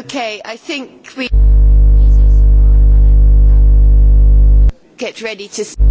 Okay, I think we get ready to.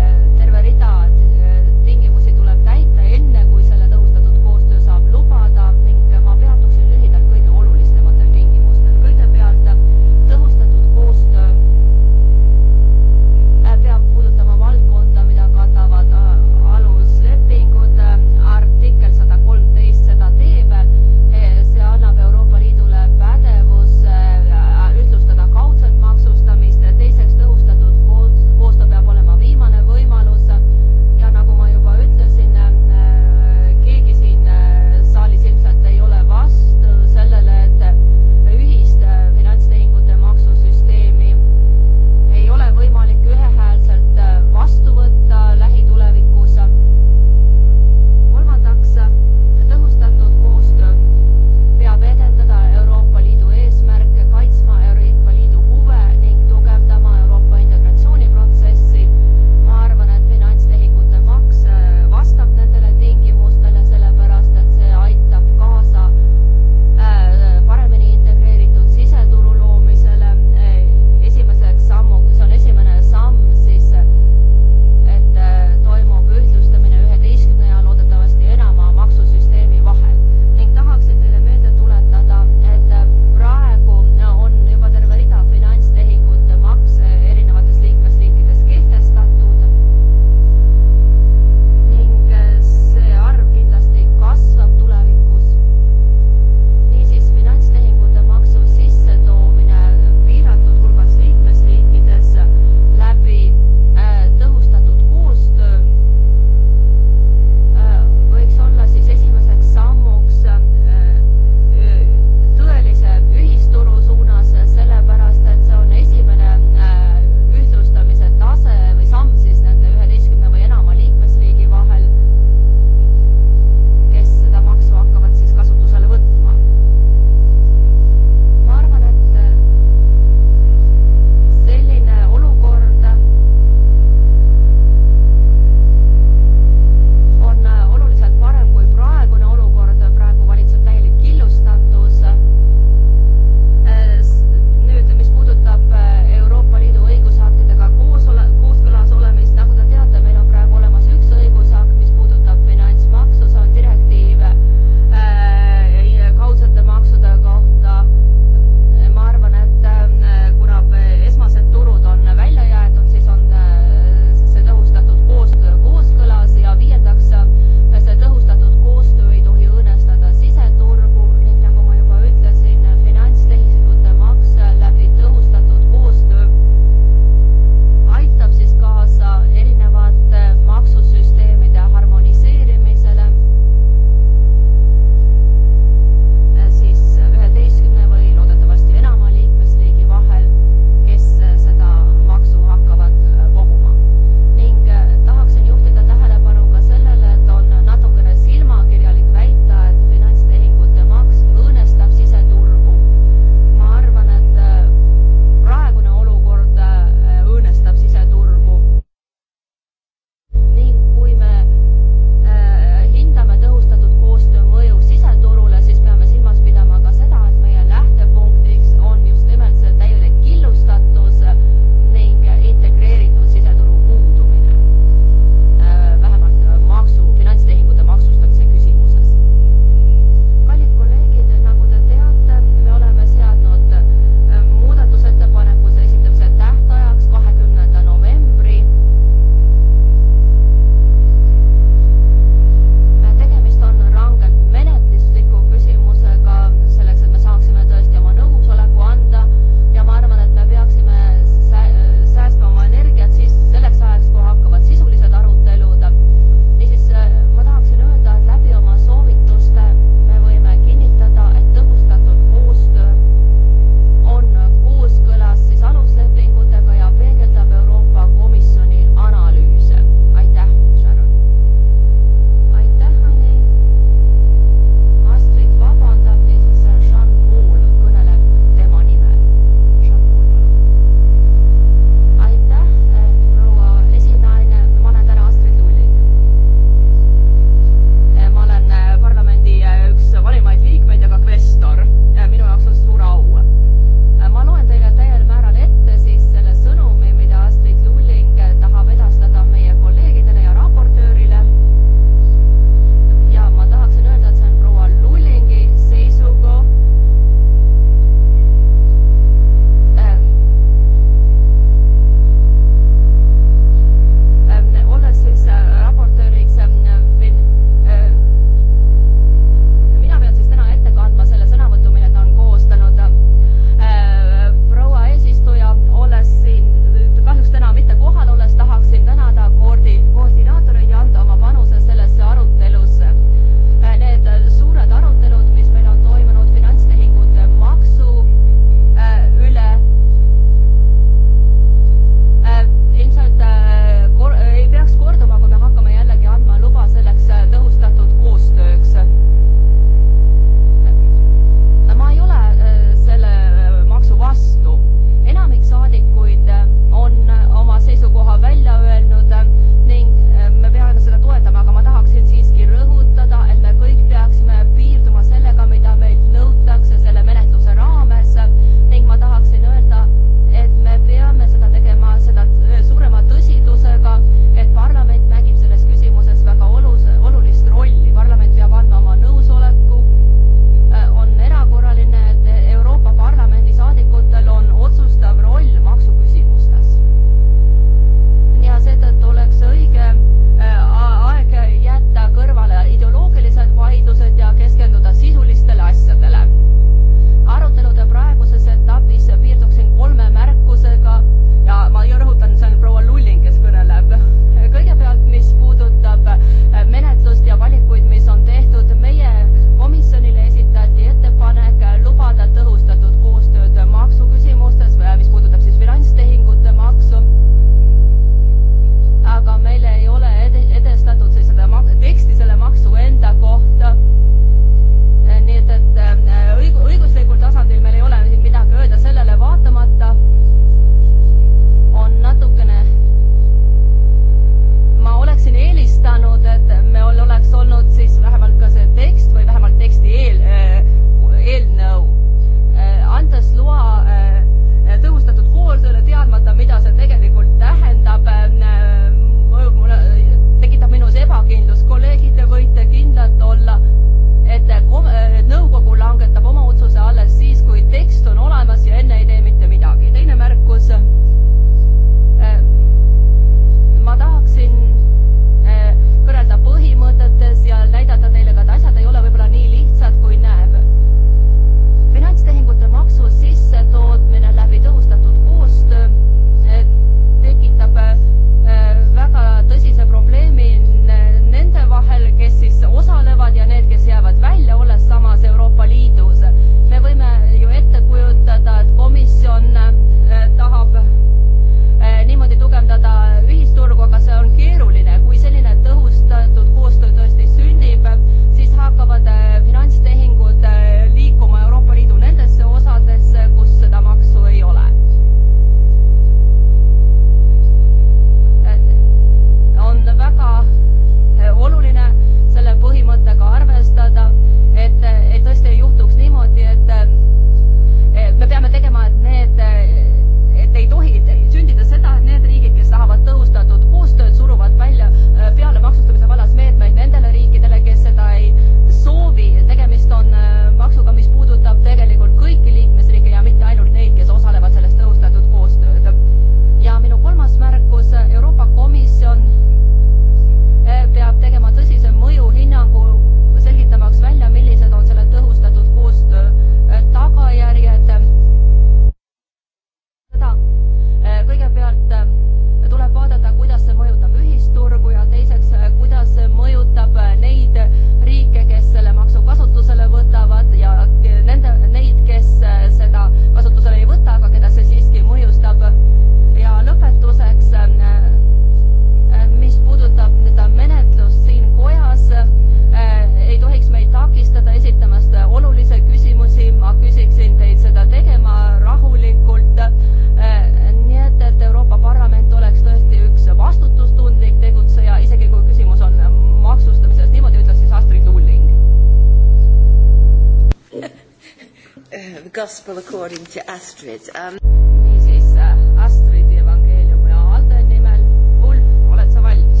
according to Astrid. Um... niisiis äh, Astridi evangeeliumi Alde nimel, Ulf, oled sa valmis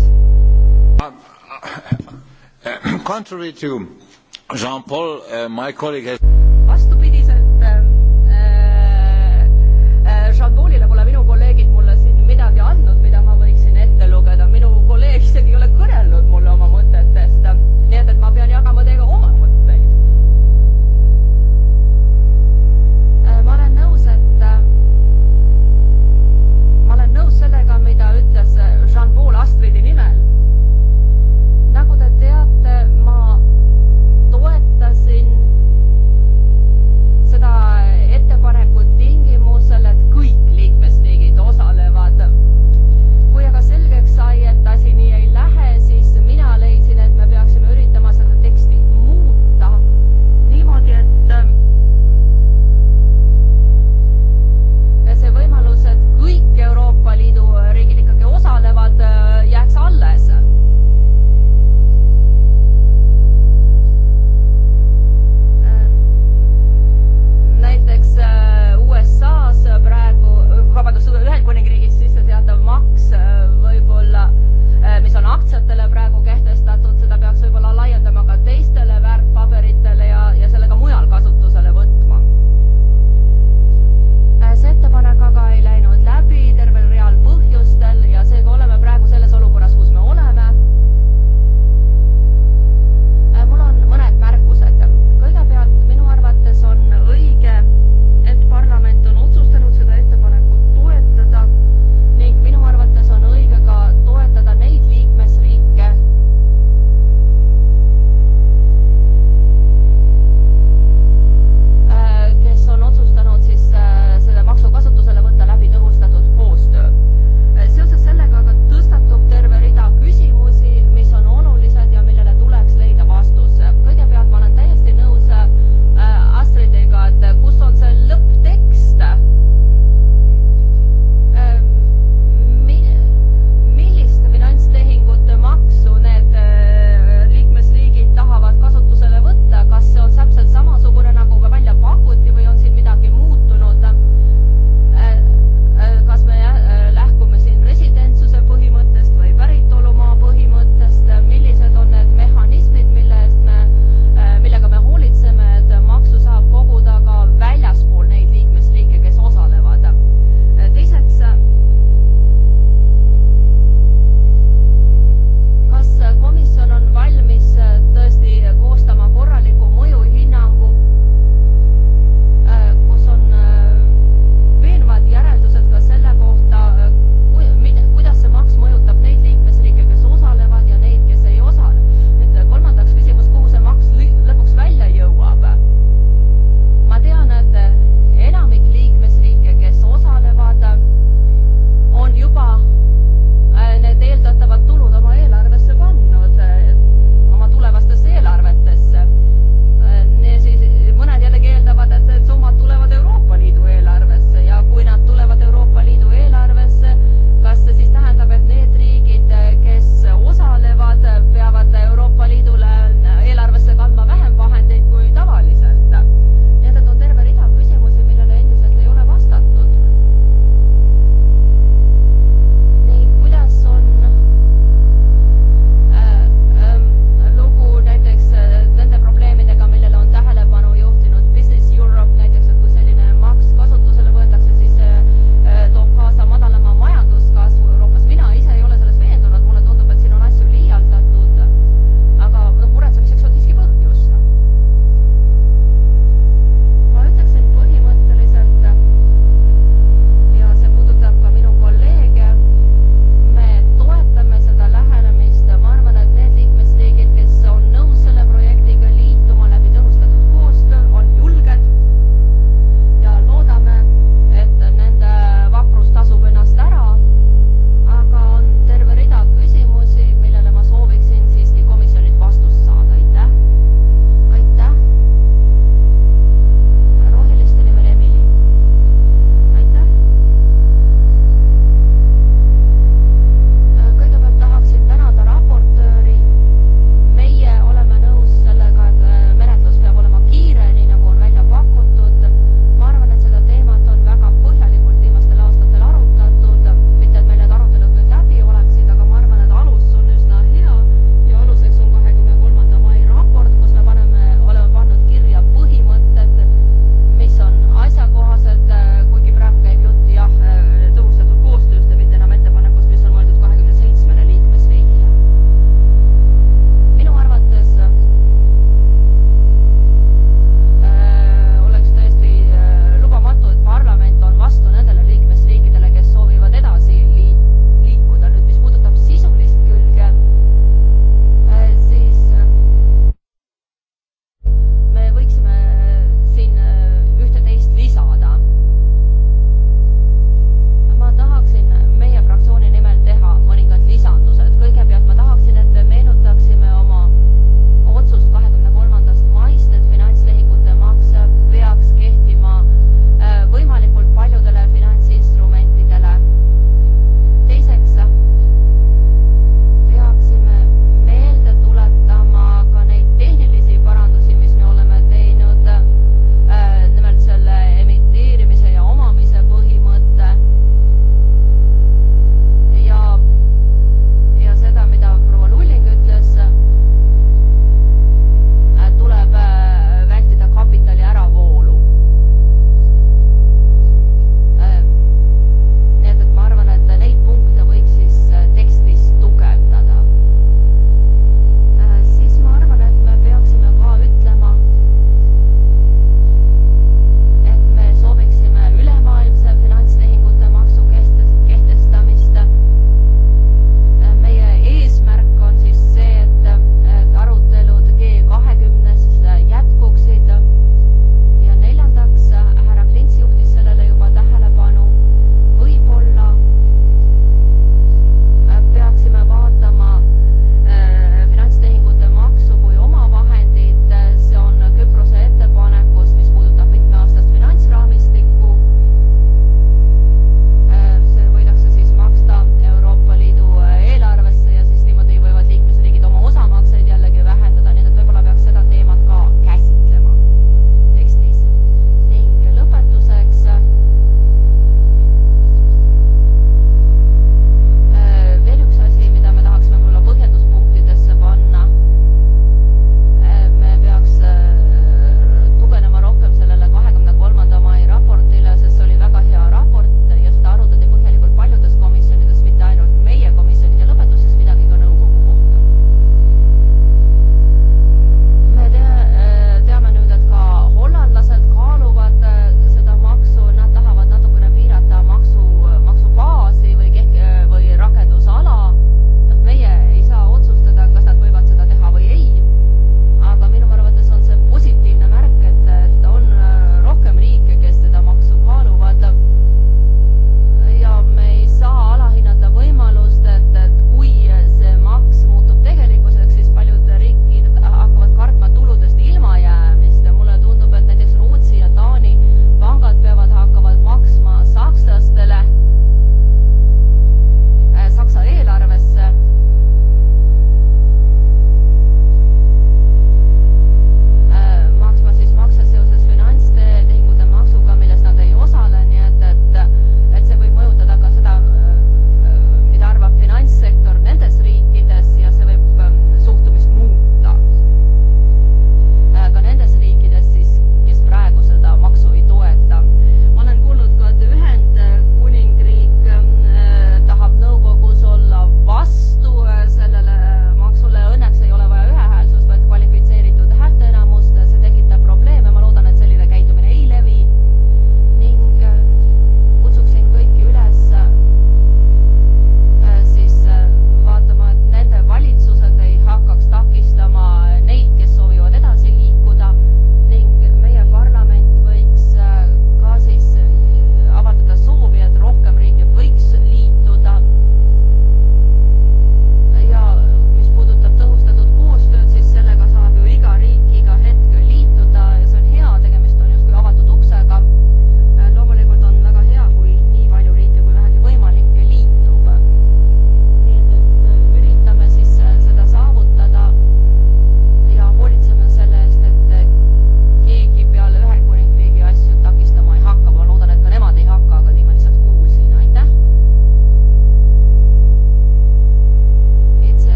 um,? Uh, uh contrary to Jean-Paul uh,, my colleague has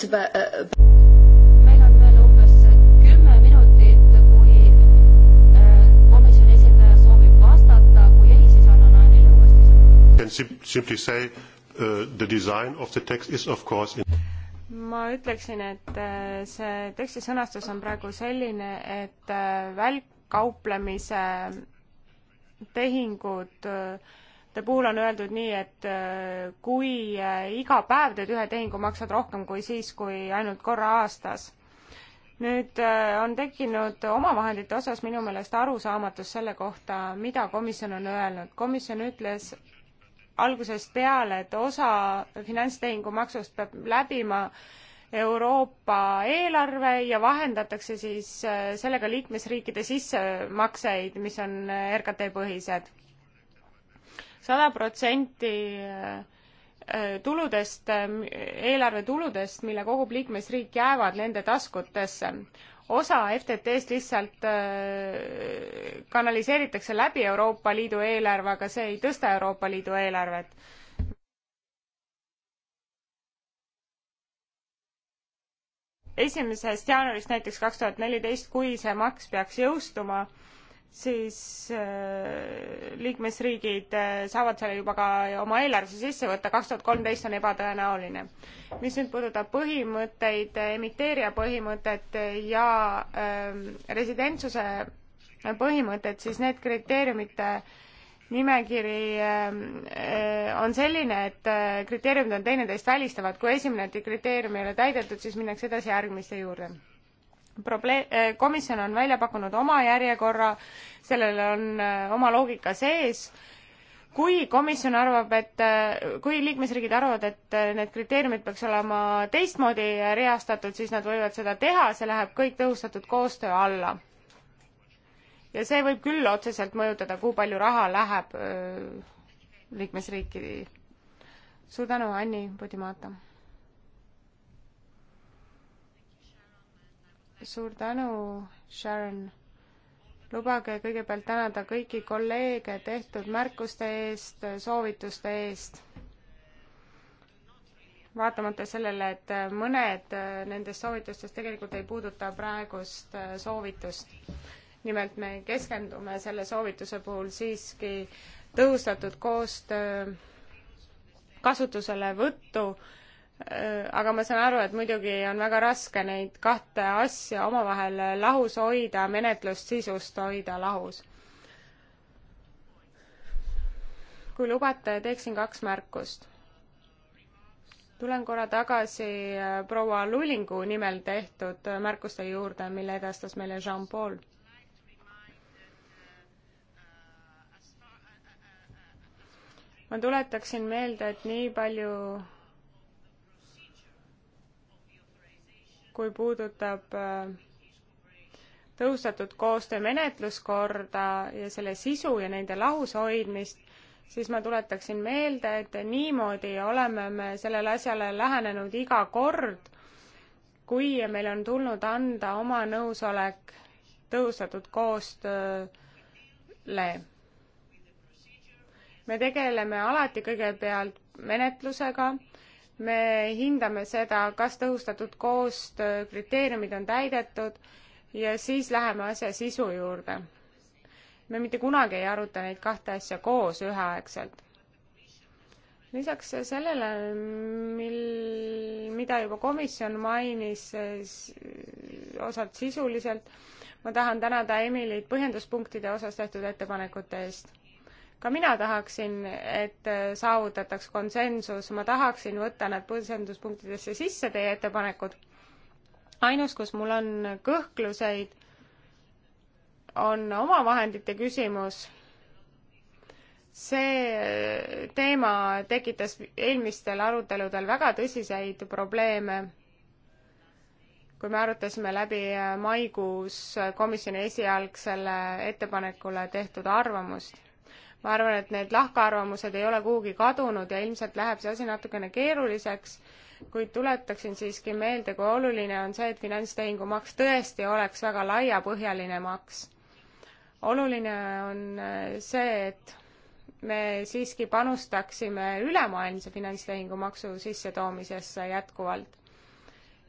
just about, uh, about can sim simply say uh, the design of the text is of course in ma ütleksin, et äh, see teksti sõnastus on praegu selline, et äh, välkkauplemise tehingud uh, tehingute puhul on öeldud nii, et äh, kui äh, iga päev teed ühe tehingu, maksad rohkem kui siis, kui ainult korra aastas. nüüd äh, on tekkinud omavahendite osas minu meelest arusaamatus selle kohta, mida komisjon on öelnud. komisjon ütles algusest peale, et osa finantstehingu maksust peab läbima Euroopa eelarve ja vahendatakse siis sellega liikmesriikide sissemakseid, mis on RKT põhised sada protsenti äh, tuludest, äh, eelarve tuludest, mille kogub liikmesriik, jäävad nende taskutesse. osa FTT-st lihtsalt äh, kanaliseeritakse läbi Euroopa Liidu eelarve, aga see ei tõsta Euroopa Liidu eelarvet. esimesest jaanuarist näiteks kaks tuhat neliteist, kui see maks peaks jõustuma siis äh, liikmesriigid äh, saavad selle juba ka oma eelarvesse sisse võtta, kaks tuhat kolmteist on ebatõenäoline. mis nüüd puudutab põhimõtteid, emiteerija põhimõtet ja ähm, residentsuse põhimõtet, siis need kriteeriumite nimekiri ähm, äh, on selline, et kriteeriumid on teineteist välistavad, kui esimene kriteerium ei ole täidetud, siis minnakse edasi järgmiste juurde probleem, äh, komisjon on välja pakkunud oma järjekorra, sellel on äh, oma loogika sees, kui komisjon arvab, et, äh, kui liikmesriigid arvavad, et need kriteeriumid peaks olema teistmoodi reastatud, siis nad võivad seda teha, see läheb kõik tõhustatud koostöö alla. ja see võib küll otseselt mõjutada, kui palju raha läheb liikmesriiki. suur tänu, Anni Podimata suur tänu, Sharon. lubage kõigepealt tänada kõiki kolleege tehtud märkuste eest, soovituste eest. vaatamata sellele, et mõned nendest soovitustest tegelikult ei puuduta praegust soovitust. nimelt me keskendume selle soovituse puhul siiski tõhustatud koostöö kasutuselevõttu äh, Äh, aga ma saan aru, et muidugi on väga raske neid kahte asja omavahel lahus hoida, menetlust sisust hoida lahus. kui lubate, teeksin kaks märkust. tulen korra tagasi äh, proua Lulingu nimel tehtud märkuste juurde, mille edastas meile Jean-Paul ma tuletaksin meelde, et nii palju kui puudutab äh, tõustatud koostöö menetluskorda ja selle sisu ja nende lahus hoidmist, siis ma tuletaksin meelde, et niimoodi oleme me sellele asjale lähenenud iga kord, kui meil on tulnud anda oma nõusolek tõustatud koostööle. me tegeleme alati kõigepealt menetlusega me hindame seda, kas tõhustatud koostöö kriteeriumid on täidetud ja siis läheme asja sisu juurde. me mitte kunagi ei aruta neid kahte asja koos üheaegselt. lisaks sellele, mil, mida juba komisjon mainis osalt sisuliselt, ma tahan tänada Emilit põhjenduspunktide osas tehtud ettepanekute eest ka mina tahaksin, et äh, saavutataks konsensus, ma tahaksin võtta need põhjenduspunktidesse sisse, teie ettepanekud. ainus, kus mul on kõhkluseid, on omavahendite küsimus. see äh, teema tekitas eelmistel aruteludel väga tõsiseid probleeme kui me arutasime läbi äh, maikuus komisjoni esialgsele ettepanekule tehtud arvamust ma arvan, et need lahkarvamused ei ole kuhugi kadunud ja ilmselt läheb see asi natukene keeruliseks, kuid tuletaksin siiski meelde, kui oluline on see, et finantstehingu maks tõesti oleks väga laiapõhjaline maks. oluline on äh, see, et me siiski panustaksime ülemaailmse finantstehingu maksu sissetoomisesse jätkuvalt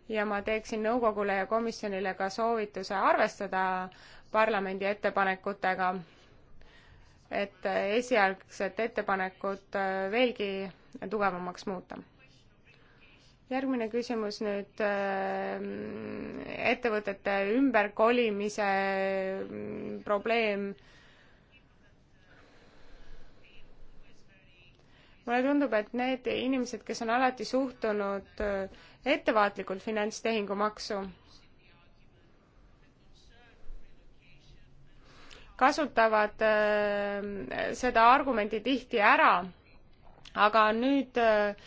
ja ma teeksin nõukogule ja komisjonile ka soovituse arvestada parlamendi ettepanekutega et esialgset ettepanekut äh, veelgi tugevamaks muuta. järgmine küsimus nüüd äh, ettevõtete ümberkolimise mm, probleem. mulle tundub, et need inimesed, kes on alati suhtunud äh, ettevaatlikult finantstehingumaksu, kasutavad äh, seda argumenti tihti ära, aga nüüd äh,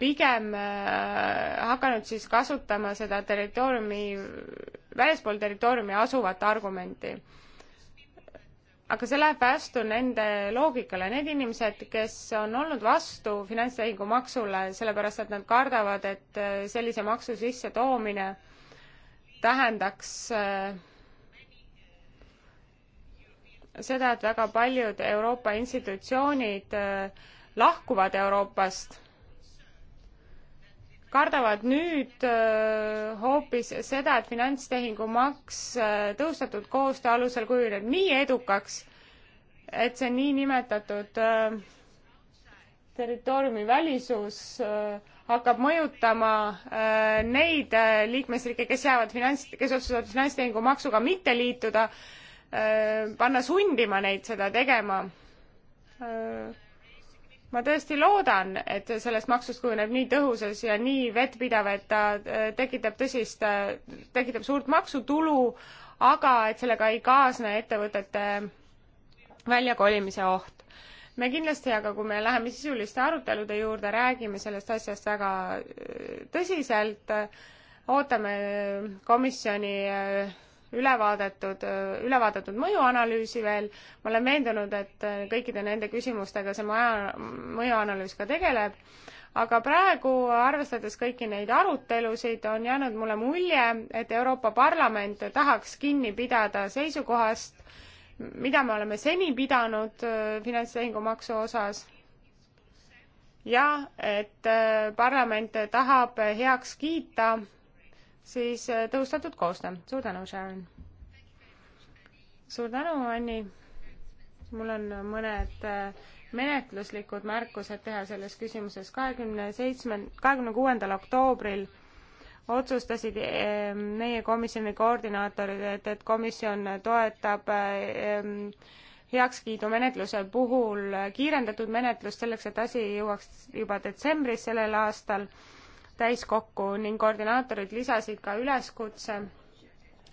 pigem äh, hakanud siis kasutama seda territooriumi, väljaspool territooriumi asuvat argumenti. aga see läheb vastu nende loogikale, need inimesed, kes on olnud vastu finantstehingu maksule, sellepärast et nad kardavad, et sellise maksu sissetoomine tähendaks äh, seda, et väga paljud Euroopa institutsioonid äh, lahkuvad Euroopast, kardavad nüüd äh, hoopis seda, et finantstehingumaks äh, tõustatud koostöö alusel kujuneb nii edukaks, et see niinimetatud territooriumi välisus hakkab mõjutama neid liikmesriike, kes jäävad finants, kes otsustavad finantstehingu maksuga mitte liituda Äh, panna sundima neid seda tegema. Äh, ma tõesti loodan, et sellest maksust kujuneb nii tõhusas ja nii vettpidav, et ta äh, tekitab tõsist, tekitab suurt maksutulu, aga et sellega ei kaasne ettevõtete väljakolimise oht. me kindlasti, aga kui me läheme sisuliste arutelude juurde, räägime sellest asjast väga tõsiselt, ootame komisjoni üle vaadatud, üle vaadatud mõjuanalüüsi veel. ma olen veendunud, et kõikide nende küsimustega see maja, mõjuanalüüs ka tegeleb. aga praegu, arvestades kõiki neid arutelusid, on jäänud mulle mulje, et Euroopa Parlament tahaks kinni pidada seisukohast, mida me oleme seni pidanud äh, finantstehingumaksu osas ja et äh, parlament tahab heaks kiita siis äh, tõhustatud koostöö. suur tänu, Sharon! suur tänu, Anni! mul on mõned äh, menetluslikud märkused teha selles küsimuses. kahekümne seitsme, kahekümne kuuendal oktoobril otsustasid äh, meie komisjoni koordinaatorid, et, et komisjon toetab heakskiidumenetluse puhul kiirendatud menetlust selleks, et asi jõuaks juba detsembris sellel aastal täiskokku ning koordinaatorid lisasid ka üleskutse,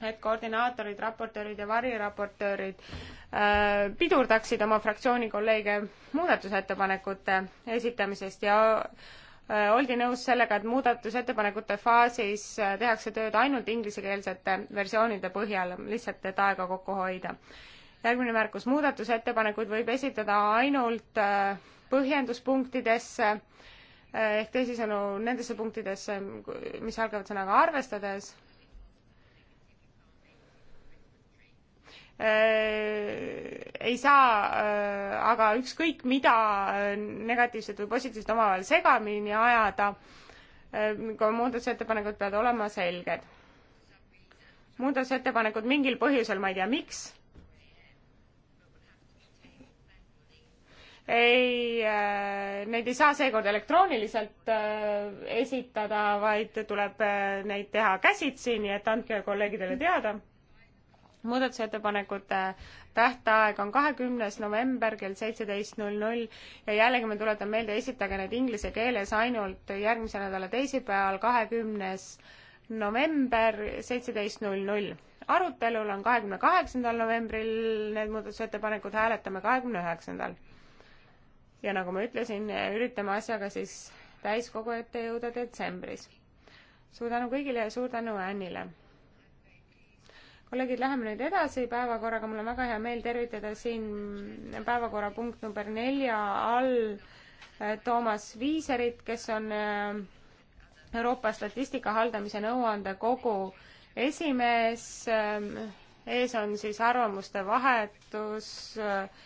et koordinaatorid, raportöörid ja variraportöörid äh, pidurdaksid oma fraktsiooni kolleege muudatusettepanekute esitamisest ja äh, oldi nõus sellega, et muudatusettepanekute faasis äh, tehakse tööd ainult inglisekeelsete versioonide põhjal, lihtsalt, et aega kokku hoida. järgmine märkus, muudatusettepanekuid võib esitada ainult äh, põhjenduspunktidesse ehk teisisõnu nendesse punktidesse, mis algavad sõnaga arvestades. Äh, ei saa äh, aga ükskõik mida äh, negatiivset või positiivset omavahel segamini ajada. muudatusettepanekud peavad olema selged. muudatusettepanekud mingil põhjusel, ma ei tea, miks ei, äh, neid ei saa seekord elektrooniliselt äh, esitada, vaid tuleb äh, neid teha käsitsi, nii et andke kolleegidele teada. muudatusettepanekute tähtaeg on kahekümnes november kell seitseteist null null ja jällegi ma tuletan meelde, esitage need inglise keeles ainult järgmise nädala teisipäeval, kahekümnes november seitseteist null null arutelul on kahekümne kaheksandal novembril need muudatusettepanekud, hääletame kahekümne üheksandal ja nagu ma ütlesin, üritame asjaga siis täiskogu ette jõuda detsembris. suur tänu kõigile ja suur tänu Annile. kolleegid, läheme nüüd edasi päevakorraga, mul on väga hea meel tervitada siin päevakorrapunkt number nelja all eh, Toomas Viiserit, kes on eh, Euroopa Statistika Haldamise Nõuandekogu esimees. Eh, ees on siis arvamuste vahetus äh,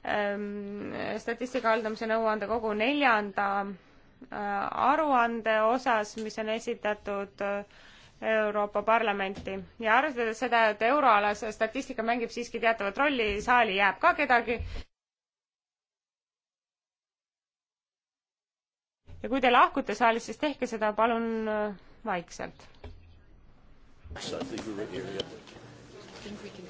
Ehm, statistika haldamise nõuandekogu neljanda äh, aruande osas, mis on esitatud äh, Euroopa Parlamenti ja arvestades seda, et euroalas statistika mängib siiski teatavat rolli, saali jääb ka kedagi. ja kui te lahkute saalist, siis tehke seda palun äh, vaikselt. I think we were here, yeah. I think we can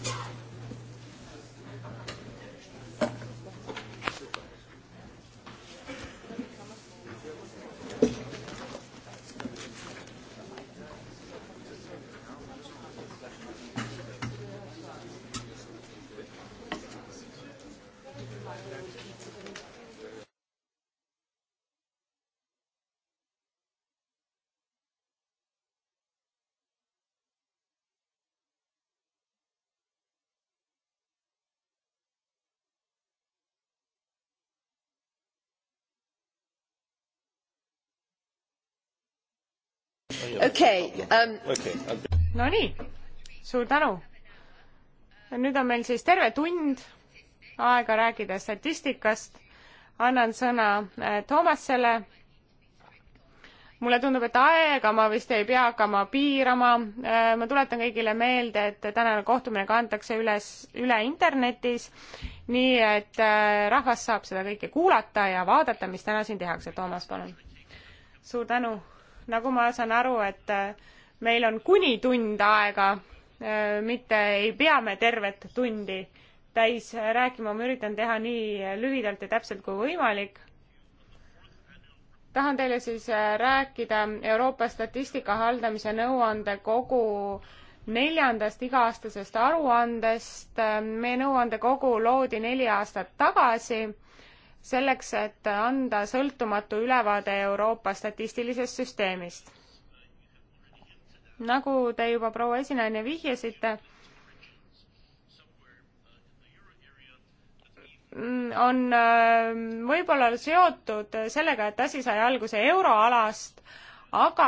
okei. Um, Nonii, suur tänu. nüüd on meil siis terve tund aega rääkida statistikast. annan sõna äh, Toomasele. mulle tundub, et aega ma vist ei pea hakkama piirama. Äh, ma tuletan kõigile meelde, et tänane kohtumine kantakse üles, üle internetis, nii et äh, rahvas saab seda kõike kuulata ja vaadata, mis täna siin tehakse. Toomas, palun. suur tänu nagu ma saan aru, et äh, meil on kuni tund aega, äh, mitte ei pea me tervet tundi täis rääkima, ma üritan teha nii lühidalt ja täpselt kui võimalik. tahan teile siis äh, rääkida Euroopa statistika haldamise nõuandekogu neljandast iga-aastasest aruandest. meie nõuandekogu loodi neli aastat tagasi selleks, et anda sõltumatu ülevaade Euroopa statistilisest süsteemist. nagu te juba, proua esinaine, vihjasite, on äh, võib-olla seotud sellega, et asi sai alguse euroalast, aga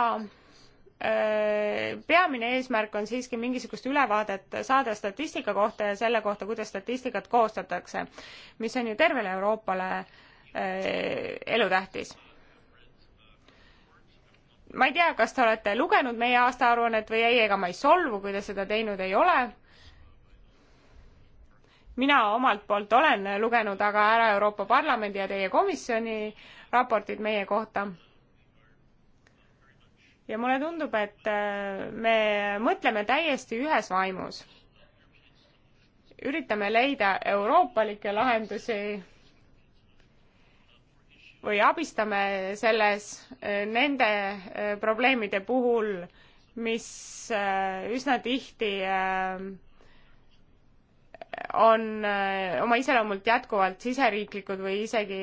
Äh, peamine eesmärk on siiski mingisugust ülevaadet saada statistika kohta ja selle kohta, kuidas statistikat koostatakse, mis on ju tervele Euroopale äh, elutähtis. ma ei tea, kas te olete lugenud meie aastaaruannet või ei, ega ma ei solvu, kui te seda teinud ei ole. mina omalt poolt olen lugenud aga ära Euroopa Parlamendi ja teie komisjoni raportid meie kohta ja mulle tundub, et äh, me mõtleme täiesti ühes vaimus. üritame leida euroopalikke lahendusi või abistame selles äh, nende äh, probleemide puhul, mis üsna tihti on oma iseloomult jätkuvalt siseriiklikud või isegi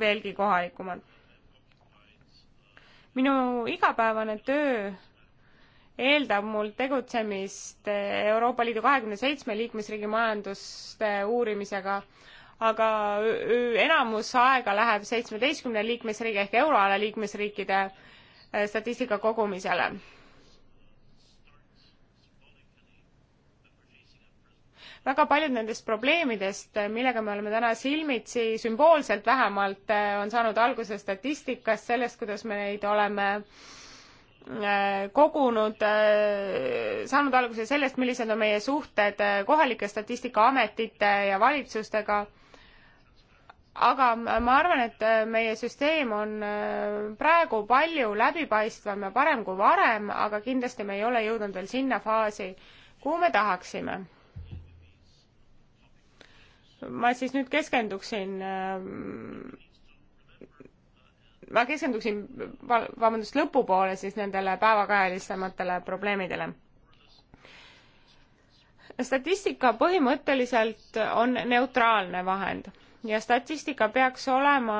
veelgi kohalikumad minu igapäevane töö eeldab mul tegutsemist Euroopa Liidu kahekümne seitsme liikmesriigi majanduste uurimisega, aga enamus aega läheb seitsmeteistkümne liikmesriigi ehk euroala liikmesriikide äh, statistika kogumisele väga paljud nendest probleemidest, millega me oleme täna silmitsi, sümboolselt vähemalt, eh, on saanud alguse statistikast, sellest, kuidas me neid oleme eh, kogunud, eh, saanud alguse sellest, millised on meie suhted kohalike statistikaametite ja valitsustega. aga ma arvan, et meie süsteem on praegu palju läbipaistvam ja parem kui varem, aga kindlasti me ei ole jõudnud veel sinna faasi, kuhu me tahaksime ma siis nüüd keskenduksin äh, ma keskenduksin vabandust lõpupoole siis nendele päevakajalisematele probleemidele statistika põhimõtteliselt on neutraalne vahend ja statistika peaks olema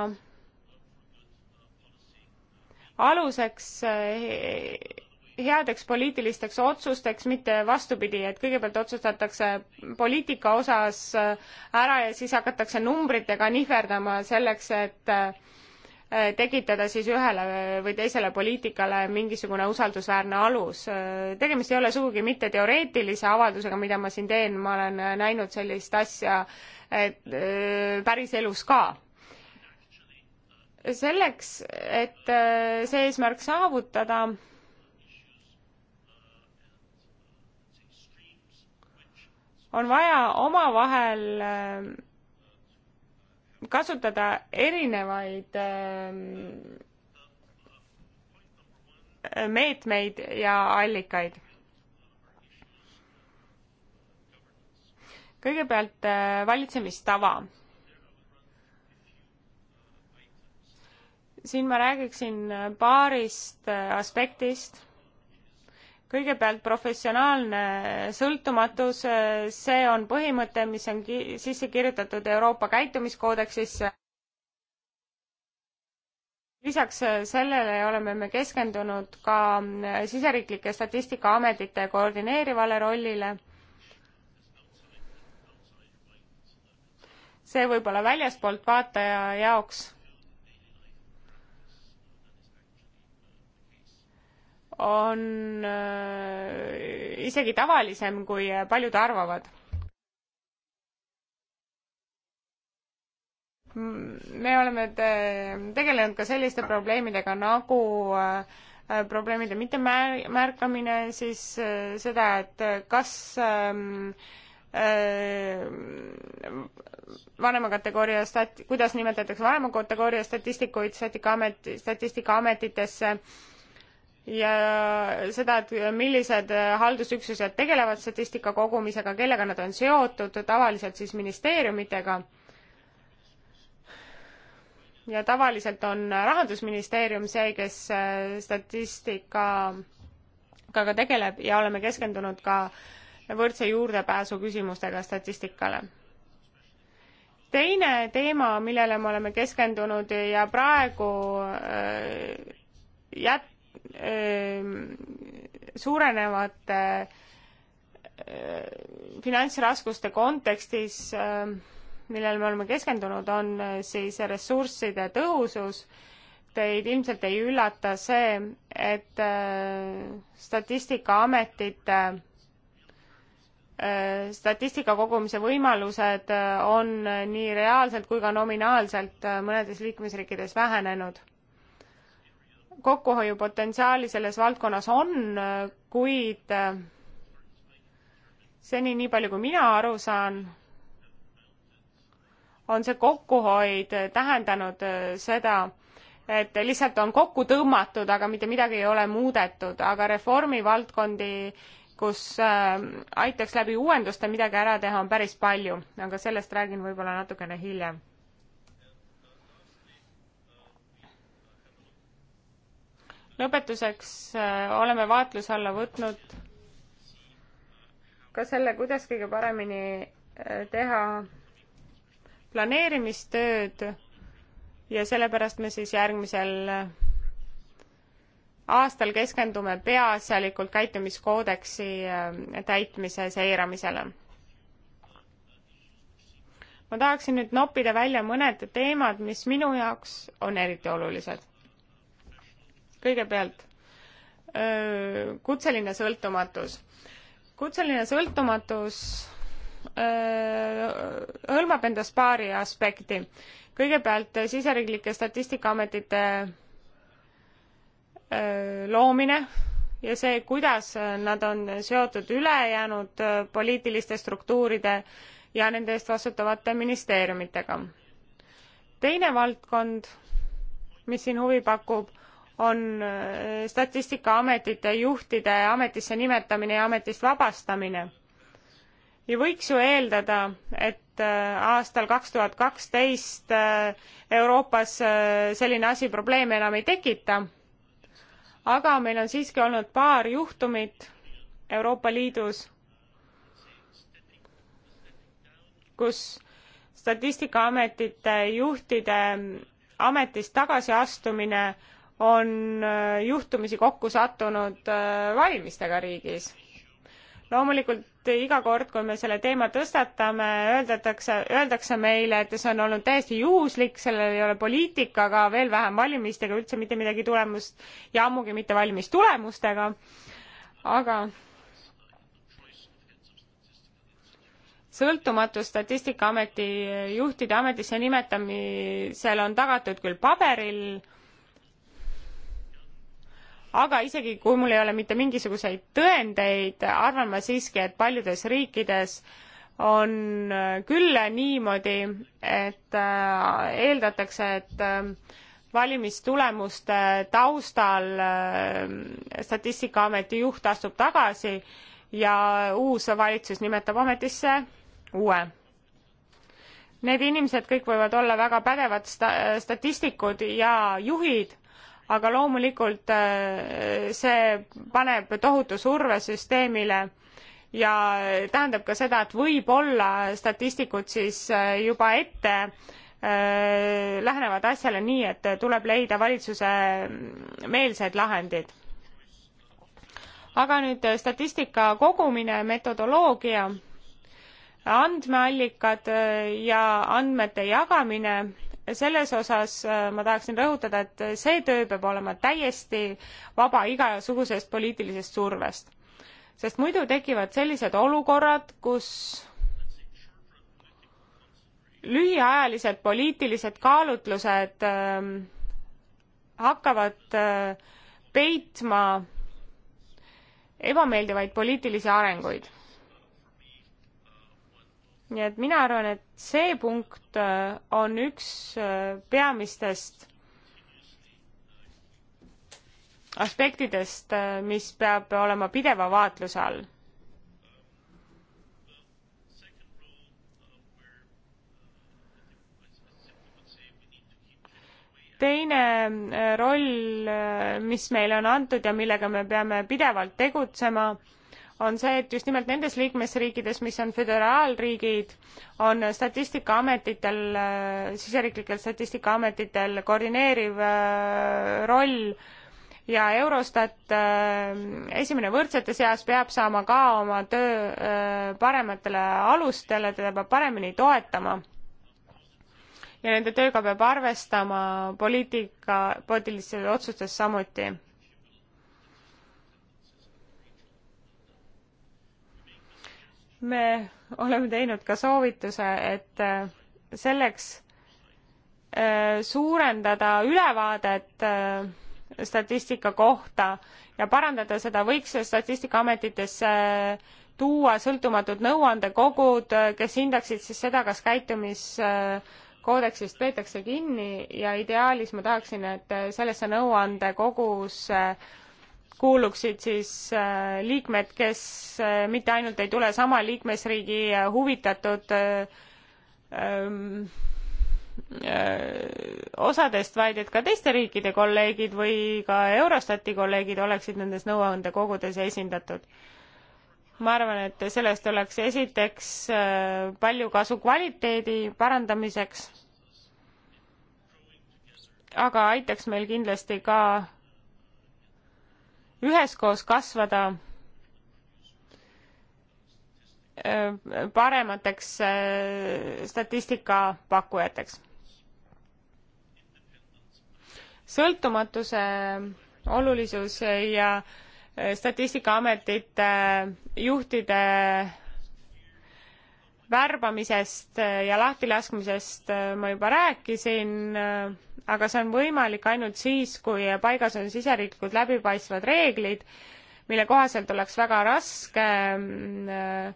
aluseks äh, headeks poliitilisteks otsusteks, mitte vastupidi, et kõigepealt otsustatakse poliitika osas äh, ära ja siis hakatakse numbritega nihverdama selleks, et äh, tekitada siis ühele või teisele poliitikale mingisugune usaldusväärne alus. Äh, tegemist ei ole sugugi mitte teoreetilise avaldusega, mida ma siin teen, ma olen näinud sellist asja et, päriselus ka selleks, et see eesmärk saavutada, on vaja omavahel ähm, kasutada erinevaid ähm, meetmeid ja allikaid. kõigepealt äh, valitsemistava siin ma räägiksin paarist äh, aspektist kõigepealt professionaalne sõltumatus, see on põhimõte, mis on ki-, sisse kirjutatud Euroopa käitumiskoodeksisse. lisaks sellele oleme me keskendunud ka siseriiklike statistikaametite koordineerivale rollile see võib olla väljastpoolt vaataja jaoks on äh, isegi tavalisem, kui paljud arvavad. me oleme tegelenud ka selliste probleemidega nagu äh, probleemide mittemärkamine, siis äh, seda, et kas ähm, vanemakategooria stat-, kuidas nimetatakse vanema kategooria statistikuid Statikaamet, statistikaameti, statistikaametites ja seda, et millised haldusüksused tegelevad statistika kogumisega, kellega nad on seotud, tavaliselt siis ministeeriumitega. ja tavaliselt on Rahandusministeerium see, kes äh, statistikaga ka tegeleb ja oleme keskendunud ka võrdse juurdepääsu küsimustega statistikale teine teema, millele me oleme keskendunud ja praegu äh, jät-, Ehm, suurenevate ehm, finantsraskuste kontekstis, ehm, millele me oleme keskendunud, on eh, siis ressursside tõhusus. Teid ilmselt ei üllata see, et eh, statistikaametite eh, statistika kogumise võimalused on nii reaalselt kui ka nominaalselt mõnedes liikmesriikides vähenenud kokkuhoiupotentsiaali selles valdkonnas on, kuid äh, seni, nii palju kui mina aru saan, on see kokkuhoid tähendanud äh, seda, et lihtsalt on kokku tõmmatud, aga mitte midagi ei ole muudetud, aga reformivaldkondi, kus äh, aitaks läbi uuenduste midagi ära teha, on päris palju, aga sellest räägin võib-olla natukene hiljem lõpetuseks äh, oleme vaatluse alla võtnud ka selle, kuidas kõige paremini äh, teha planeerimistööd ja sellepärast me siis järgmisel äh, aastal keskendume peaasjalikult käitumiskoodeksi täitmise seiramisele. ma tahaksin nüüd noppida välja mõned teemad, mis minu jaoks on eriti olulised kõigepealt kutseline sõltumatus. kutseline sõltumatus hõlmab endas paari aspekti. kõigepealt siseriiklike statistikaametite loomine ja see, kuidas nad on seotud ülejäänud poliitiliste struktuuride ja nende eest vastutavate ministeeriumitega. teine valdkond, mis siin huvi pakub, on äh, statistikaametite juhtide ametisse nimetamine ja ametist vabastamine. ja võiks ju eeldada, et äh, aastal kaks tuhat kaksteist äh, Euroopas selline asi probleeme enam ei tekita. aga meil on siiski olnud paar juhtumit Euroopa Liidus, kus statistikaametite juhtide ametist tagasiastumine on äh, juhtumisi kokku sattunud äh, valimistega riigis. loomulikult iga kord, kui me selle teema tõstatame, öeldatakse, öeldakse meile, et see on olnud täiesti juhuslik, sellel ei ole poliitikaga, veel vähem valimistega üldse mitte midagi tulemust ja ammugi mitte valimistulemustega, aga sõltumatu statistikaameti juhtide ametisse nimetamisel on tagatud küll paberil aga isegi kui mul ei ole mitte mingisuguseid tõendeid, arvan ma siiski, et paljudes riikides on äh, küll niimoodi, et äh, eeldatakse, et äh, valimistulemuste taustal Statistikaameti juht astub tagasi ja uus valitsus nimetab ametisse uue need inimesed kõik võivad olla väga pädevad sta- statistikud ja juhid aga loomulikult äh, see paneb tohutu surve süsteemile ja tähendab ka seda, et võib-olla statistikud siis äh, juba ette äh, lähenevad asjale nii, et tuleb leida valitsuse meelsed lahendid. aga nüüd statistika kogumine, metodoloogia, andmeallikad ja andmete jagamine selles osas äh, ma tahaksin rõhutada, et see töö peab olema täiesti vaba igasugusest poliitilisest survest. sest muidu tekivad sellised olukorrad, kus lühiajalised poliitilised kaalutlused äh, hakkavad äh, peitma ebameeldivaid poliitilisi arenguid nii et mina arvan, et see punkt äh, on üks äh, peamistest aspektidest, äh, mis peab olema pideva vaatluse all. teine roll, mis meile on antud ja millega me peame pidevalt tegutsema on see, et just nimelt nendes liikmesriikides, mis on föderaalriigid, on statistikaametitel, siseriiklikel statistikaametitel koordineeriv äh, roll ja Eurostat äh, esimene võrdsete seas peab saama ka oma töö äh, parematele alustele, teda peab paremini toetama ja nende tööga peab arvestama poliitika, poliitilistes otsustes samuti. me oleme teinud ka soovituse, et äh, selleks äh, suurendada ülevaadet äh, statistika kohta ja parandada seda, võiks Statistikaametitesse tuua sõltumatud nõuandekogud, kes hindaksid siis seda, kas käitumiskoodeksist peetakse kinni ja ideaalis ma tahaksin, et sellesse nõuandekogusse kuuluksid siis äh, liikmed, kes äh, mitte ainult ei tule sama liikmesriigi äh, huvitatud ähm, osadest, vaid et ka teiste riikide kolleegid või ka Eurostati kolleegid oleksid nendes nõuandekogudes esindatud. ma arvan, et sellest oleks esiteks palju kasu kvaliteedi parandamiseks, aga aitaks meil kindlasti ka üheskoos kasvada äh, paremateks äh, statistikapakkujateks. sõltumatuse äh, olulisus ja statistikaametite juhtide värbamisest ja lahtilaskmisest ma juba rääkisin aga see on võimalik ainult siis, kui paigas on siseriiklikud läbipaistvad reeglid, mille kohaselt oleks väga raske mm, äh,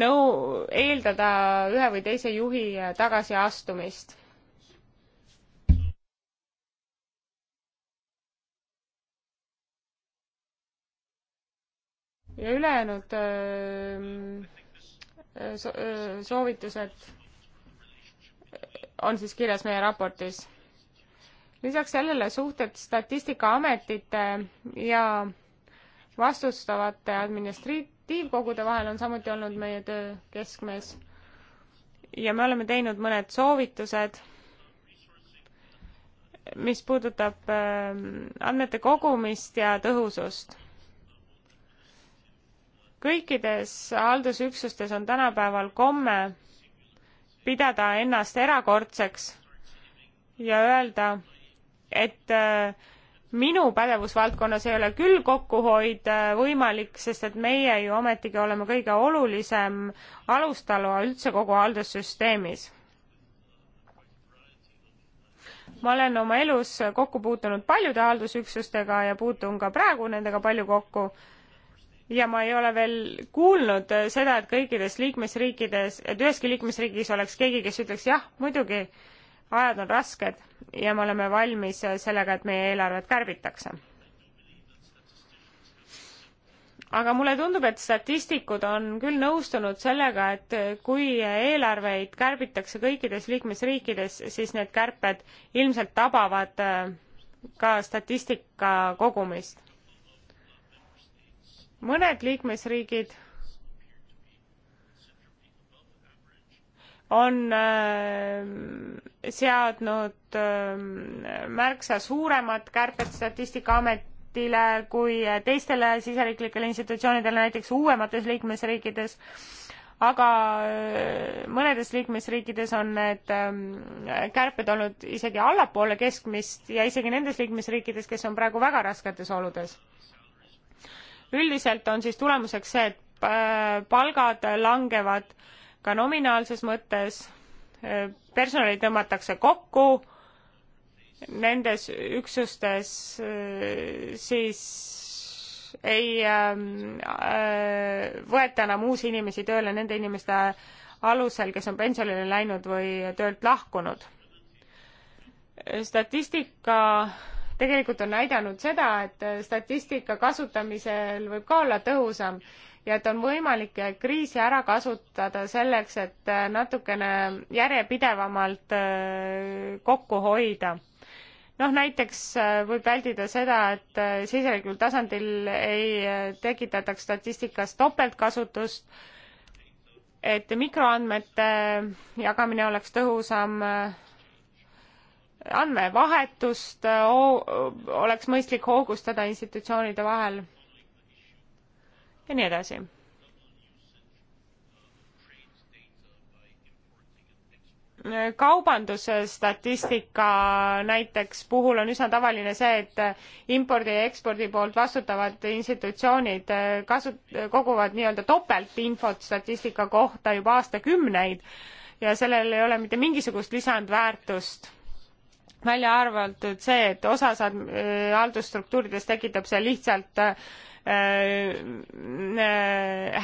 nõu, eeldada ühe või teise juhi äh, tagasiastumist. ja ülejäänud äh, mm, soovitused on siis kirjas meie raportis. lisaks sellele suhted Statistikaametite ja vastustavate administratiivkogude vahel on samuti olnud meie töö keskmes ja me oleme teinud mõned soovitused, mis puudutab ähm, andmete kogumist ja tõhusust. kõikides haldusüksustes on tänapäeval komme pidada ennast erakordseks ja öelda, et äh, minu pädevusvaldkonnas ei ole küll kokkuhoid äh, võimalik, sest et meie ju ometigi oleme kõige olulisem alustala üldse kogu haldussüsteemis. ma olen oma elus kokku puutunud paljude haldusüksustega ja puutun ka praegu nendega palju kokku ja ma ei ole veel kuulnud äh, seda, et kõikides liikmesriikides, et üheski liikmesriigis oleks keegi, kes ütleks jah, muidugi, ajad on rasked ja me oleme valmis äh, sellega, et meie eelarvet kärbitakse. aga mulle tundub, et statistikud on küll nõustunud sellega, et äh, kui eelarveid kärbitakse kõikides liikmesriikides, siis need kärped ilmselt tabavad ka statistika kogumist mõned liikmesriigid on äh, seadnud äh, märksa suuremad kärped Statistikaametile kui teistele siseriiklikele institutsioonidele, näiteks uuemates liikmesriikides, aga äh, mõnedes liikmesriikides on need ähm, kärped olnud isegi allapoole keskmist ja isegi nendes liikmesriikides, kes on praegu väga rasketes oludes üldiselt on siis tulemuseks see, et äh, palgad langevad ka nominaalses mõttes, personali tõmmatakse kokku nendes üksustes äh, siis ei ähm, äh, võeta enam uusi inimesi tööle nende inimeste alusel, kes on pensionile läinud või töölt lahkunud. statistika tegelikult on näidanud seda, et äh, statistika kasutamisel võib ka olla tõhusam ja et on võimalik äh, kriisi ära kasutada selleks, et äh, natukene järjepidevamalt kokku hoida noh, näiteks võib väldida seda, et siseriiklikul tasandil ei tekitataks statistikas topeltkasutust, et mikroandmete jagamine oleks tõhusam andmevahetust oleks mõistlik hoogustada institutsioonide vahel ja nii edasi. kaubandusstatistika näiteks puhul on üsna tavaline see, et impordi ja ekspordi poolt vastutavad institutsioonid kasu-, koguvad nii-öelda topeltinfot statistika kohta juba aastakümneid ja sellel ei ole mitte mingisugust lisandväärtust välja arvatud see, et osa saad- äh,, haldusstruktuurides tekitab see lihtsalt äh, äh,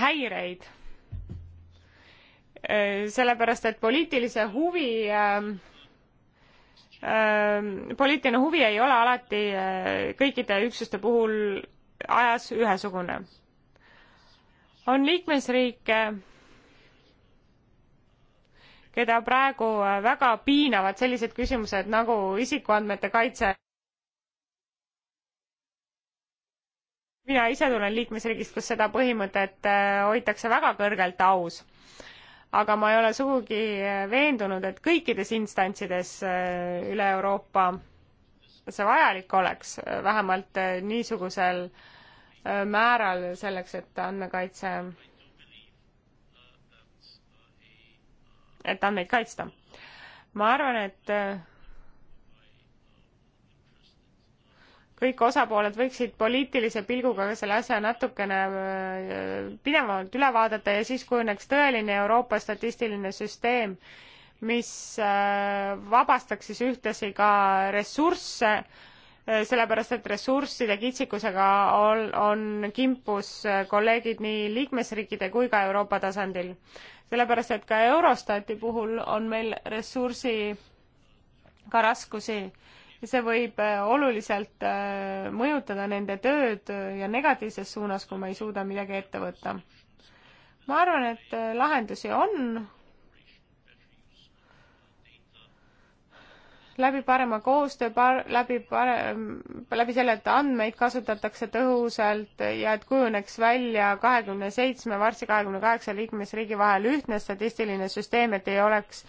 häireid äh,. sellepärast, et poliitilise huvi äh, äh poliitiline huvi ei ole alati äh, kõikide üksuste puhul ajas ühesugune. on liikmesriike, keda praegu äh, väga piinavad sellised küsimused nagu isikuandmete kaitse. mina ise tulen liikmesriigist, kus seda põhimõtet äh, hoitakse väga kõrgelt aus. aga ma ei ole sugugi äh, veendunud, et kõikides instantsides üle Euroopa see vajalik oleks, vähemalt niisugusel määral selleks, et andmekaitse et andmeid kaitsta. ma arvan, et äh, kõik osapooled võiksid poliitilise pilguga selle asja natukene äh, pidevalt üle vaadata ja siis kujuneks tõeline Euroopa statistiline süsteem, mis äh, vabastaks siis ühtlasi ka ressursse, sellepärast et ressursside kitsikusega on, on kimpus kolleegid nii liikmesriikide kui ka Euroopa tasandil sellepärast et ka Eurostati puhul on meil ressursiga raskusi ja see võib äh, oluliselt äh, mõjutada nende tööd äh, ja negatiivses suunas, kui me ei suuda midagi ette võtta. ma arvan, et lahendusi on läbi parema koostöö par,, läbi parem, läbi selle, et andmeid kasutatakse tõhusalt ja et kujuneks välja kahekümne seitsme, varsti kahekümne kaheksa liikmesriigi vahel ühtne statistiline süsteem, et ei oleks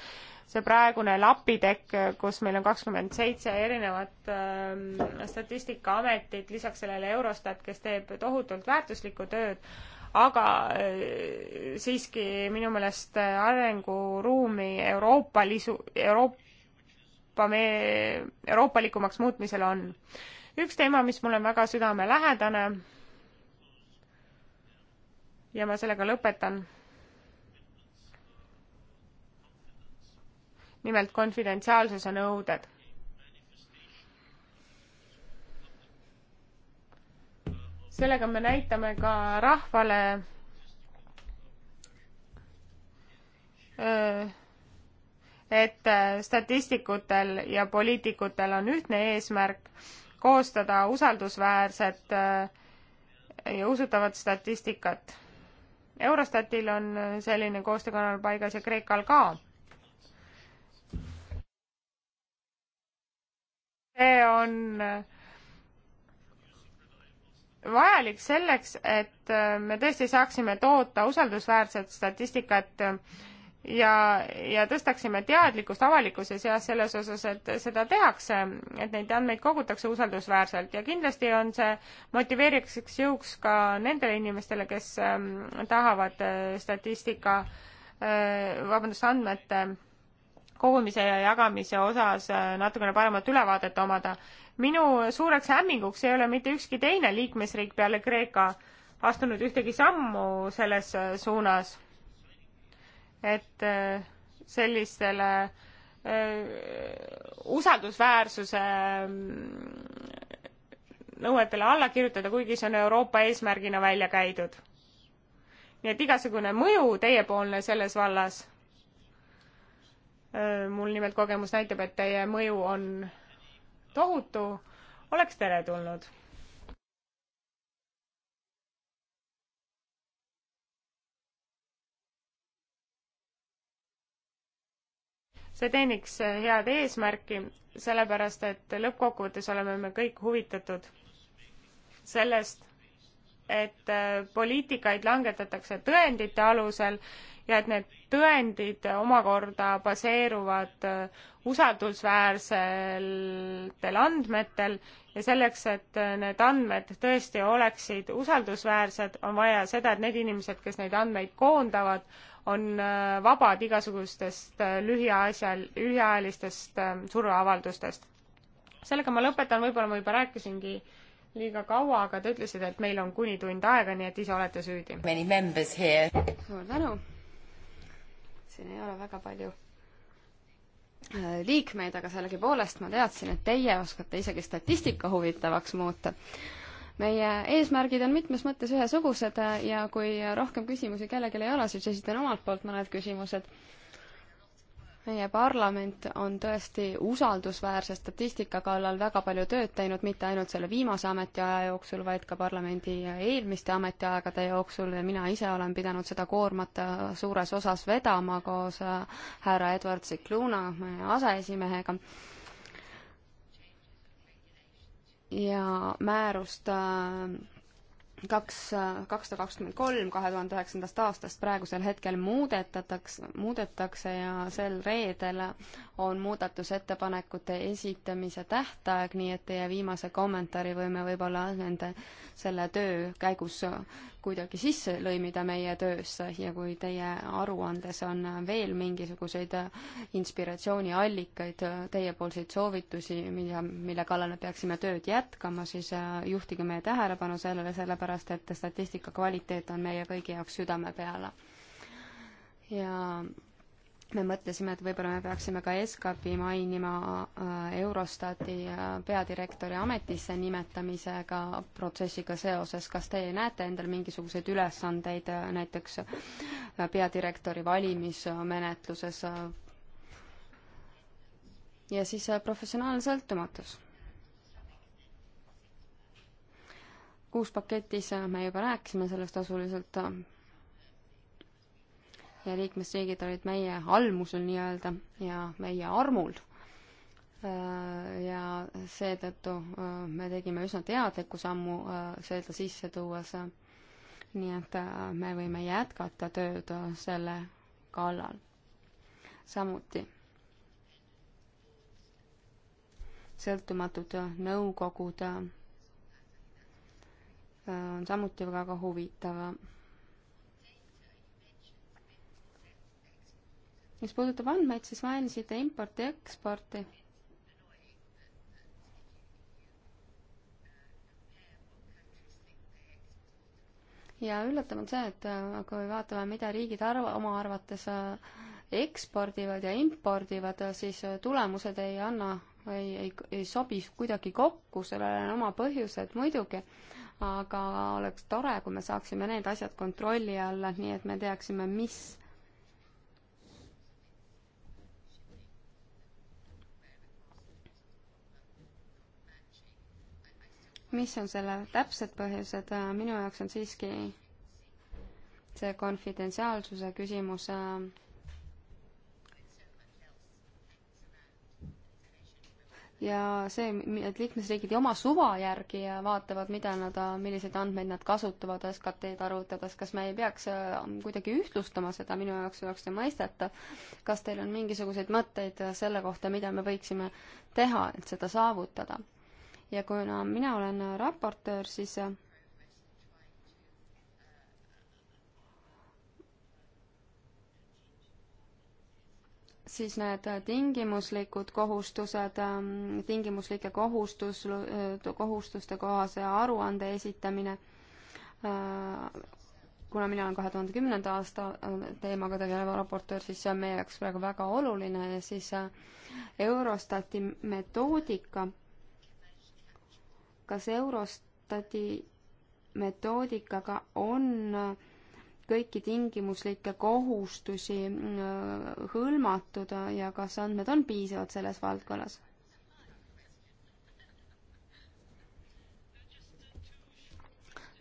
see praegune lapitekk, kus meil on kakskümmend seitse erinevat äh, statistikaametit, lisaks sellele Eurostat, kes teeb tohutult väärtuslikku tööd, aga äh, siiski minu meelest äh, arenguruumi Euroopa lisu, Euroopa Euroopa me-, euroopalikumaks muutmisel on. üks teema, mis mul on väga südamelähedane ja ma sellega lõpetan. nimelt konfidentsiaalsuse nõuded. sellega me näitame ka rahvale öö, et äh, statistikutel ja poliitikutel on ühtne eesmärk koostada usaldusväärset äh, ja usutavat statistikat. Eurostatil on äh, selline koostöökanal paigas ja Kreekal ka see on vajalik selleks, et me tõesti saaksime toota usaldusväärset statistikat ja, ja tõstaksime teadlikkust avalikkuse seas selles osas, et seda tehakse, et neid andmeid kogutakse usaldusväärselt ja kindlasti on see motiveeriks jõuks ka nendele inimestele, kes ähm, tahavad äh, statistika äh,, vabandust, andmete kogumise ja jagamise osas äh, natukene paremat ülevaadet omada. minu suureks hämminguks ei ole mitte ükski teine liikmesriik peale Kreeka astunud ühtegi sammu selles äh, suunas et äh, sellistele äh, usaldusväärsuse mm, nõuetele alla kirjutada, kuigi see on Euroopa eesmärgina välja käidud. nii et igasugune mõju teiepoolne selles vallas, äh, mul nimelt kogemus näitab, et teie mõju on tohutu, oleks teretulnud see teeniks eh, head eesmärki, sellepärast et lõppkokkuvõttes oleme me kõik huvitatud sellest, et eh, poliitikaid langetatakse tõendite alusel ja et need tõendid omakorda baseeruvad eh, usaldusväärsetel andmetel ja selleks, et need andmed tõesti oleksid usaldusväärsed, on vaja seda, et need inimesed, kes neid andmeid koondavad, on äh, vabad igasugustest äh, lühiasjal, lühiajalistest ähm, surveavaldustest. sellega ma lõpetan, võib-olla ma juba rääkisingi liiga kaua, aga te ütlesite, et meil on kuni tund aega, nii et ise olete süüdi. suur tänu. siin ei ole väga palju äh, liikmeid, aga sellegipoolest ma teadsin, et teie oskate isegi statistika huvitavaks muuta meie eesmärgid on mitmes mõttes ühesugused äh, ja kui rohkem küsimusi kellelgi ei ole, siis esitan omalt poolt mõned küsimused. meie parlament on tõesti usaldusväärse statistika kallal väga palju tööd teinud, mitte ainult selle viimase ametiaja jooksul, vaid ka parlamendi eelmiste ametiaegade jooksul ja mina ise olen pidanud seda koormat äh, suures osas vedama koos äh, härra Edward Cicluna, meie aseesimehega ja määrust äh, kaks, äh, kakssada kakskümmend kolm kahe tuhande üheksandast aastast praegusel hetkel muudetatakse, muudetakse ja sel reedel on muudatusettepanekute esitamise tähtaeg, nii et teie viimase kommentaari võime võib-olla nende, selle töö käigus kuidagi sisse lõimida meie töösse ja kui teie aruandes on veel mingisuguseid inspiratsiooniallikaid, teiepoolseid soovitusi, mida, mille kallal me peaksime tööd jätkama, siis äh, juhtige meie tähelepanu sellele, sellepärast et statistika kvaliteet on meie kõigi jaoks südame peal. ja me mõtlesime, et võib-olla me peaksime ka ESCAP-i mainima äh, Eurostati äh, peadirektori ametisse nimetamisega protsessiga seoses. kas teie näete endal mingisuguseid ülesandeid äh, näiteks peadirektori valimismenetluses? ja siis professionaalne sõltumatus. kuus paketis me juba rääkisime sellest asuliselt ja liikmesriigid olid meie almusel nii-öelda ja meie armul. Äh, ja seetõttu äh, me tegime üsna teadliku sammu äh, seda sisse tuues. nii et me võime jätkata tööd selle kallal. samuti sõltumatud nõukogud on samuti väga huvitav mis puudutab andmeid, siis mainisite importi, eksporti. ja üllatav on see, et äh, kui vaatame, mida riigid arv-, oma arvates äh, ekspordivad ja impordivad, äh, siis tulemused ei anna, ei, ei, ei sobi kuidagi kokku, sellel on oma põhjused muidugi aga oleks tore, kui me saaksime need asjad kontrolli alla, nii et me teaksime, mis mis on selle täpsed põhjused, äh, minu jaoks on siiski see konfidentsiaalsuse küsimus äh, ja see, et liikmesriigid oma suva järgi äh, vaatavad, mida nad, milliseid andmeid nad kasutavad SKT-d arvutades, kas me ei peaks kuidagi ühtlustama seda, minu jaoks oleks see mõistetav. kas teil on mingisuguseid mõtteid selle kohta, mida me võiksime teha, et seda saavutada? ja kuna no, mina olen raportöör, siis äh, siis need tingimuslikud kohustused, ähm, tingimuslike kohustus, äh, kohustuste kohase aruande esitamine, äh, kuna mina olen kahe tuhande kümnenda aasta teemaga tegelev raportöör, siis see on meie jaoks praegu väga oluline ja siis Eurostati metoodika kas Eurostati metoodikaga on kõiki tingimuslikke kohustusi äh, hõlmatud ja kas andmed on piisavad selles valdkonnas?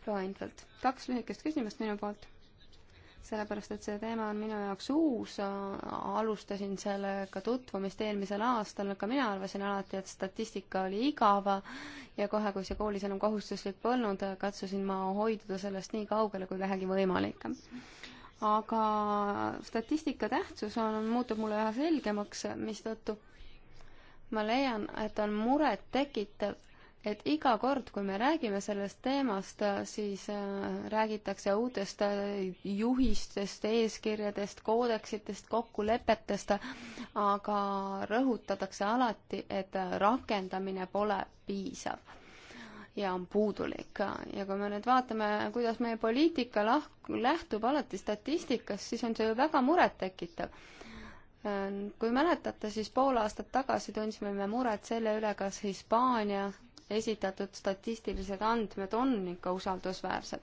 Loa Infeld, kaks lühikest küsimust minu poolt sellepärast et see teema on minu jaoks uus, alustasin sellega tutvumist eelmisel aastal, ka mina arvasin alati, et statistika oli igav ja kohe, kui see koolis enam kohustuslik polnud, katsusin ma hoiduda sellest nii kaugele kui vähegi võimalik aga statistika tähtsus on, muutub mulle üha selgemaks, mistõttu ma leian, et on murettekitav et iga kord, kui me räägime sellest teemast, siis äh, räägitakse uutest äh, juhistest, eeskirjadest, koodeksitest, kokkulepetest, aga rõhutatakse alati, et rakendamine pole piisav ja on puudulik. ja kui me nüüd vaatame, kuidas meie poliitika lah-, lähtub alati statistikast, siis on see ju väga murettekitav. Äh, kui mäletate, siis pool aastat tagasi tundsime me muret selle üle, kas Hispaania esitatud statistilised andmed on ikka usaldusväärsed.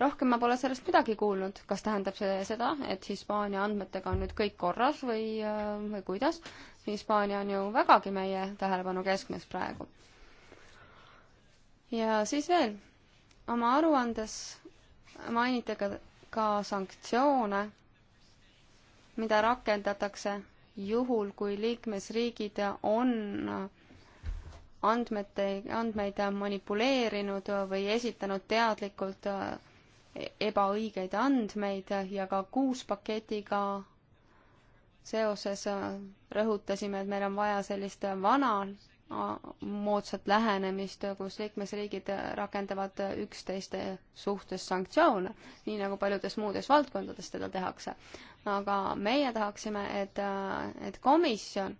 rohkem ma pole sellest midagi kuulnud, kas tähendab see seda, et Hispaania andmetega on nüüd kõik korras või, äh, või kuidas? Hispaania on ju vägagi meie tähelepanu keskmes praegu. ja siis veel, oma aruandes mainite ka, ka sanktsioone, mida rakendatakse juhul, kui liikmesriigid on äh, andmete, andmeid manipuleerinud või esitanud teadlikult eh, ebaõigeid andmeid ja ka kuus paketiga seoses eh, rõhutasime, et meil on vaja sellist vana moodsat lähenemist, kus liikmesriigid rakendavad üksteiste suhtes sanktsioone, nii nagu paljudes muudes valdkondades seda tehakse. aga meie tahaksime, et, eh, et komisjon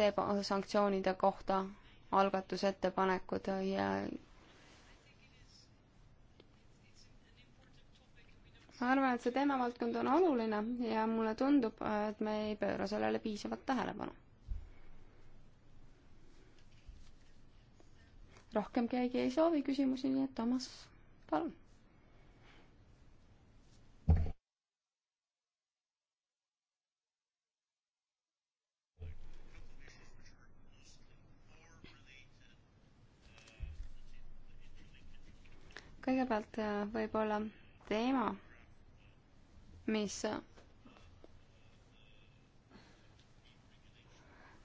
teeb sanktsioonide kohta algatusettepanekud ja ma arvan, et see teemavaldkond on oluline ja mulle tundub, et me ei pööra sellele piisavat tähelepanu. rohkem keegi ei soovi küsimusi, nii et Toomas, palun. kõigepealt äh, võib-olla teema, mis äh,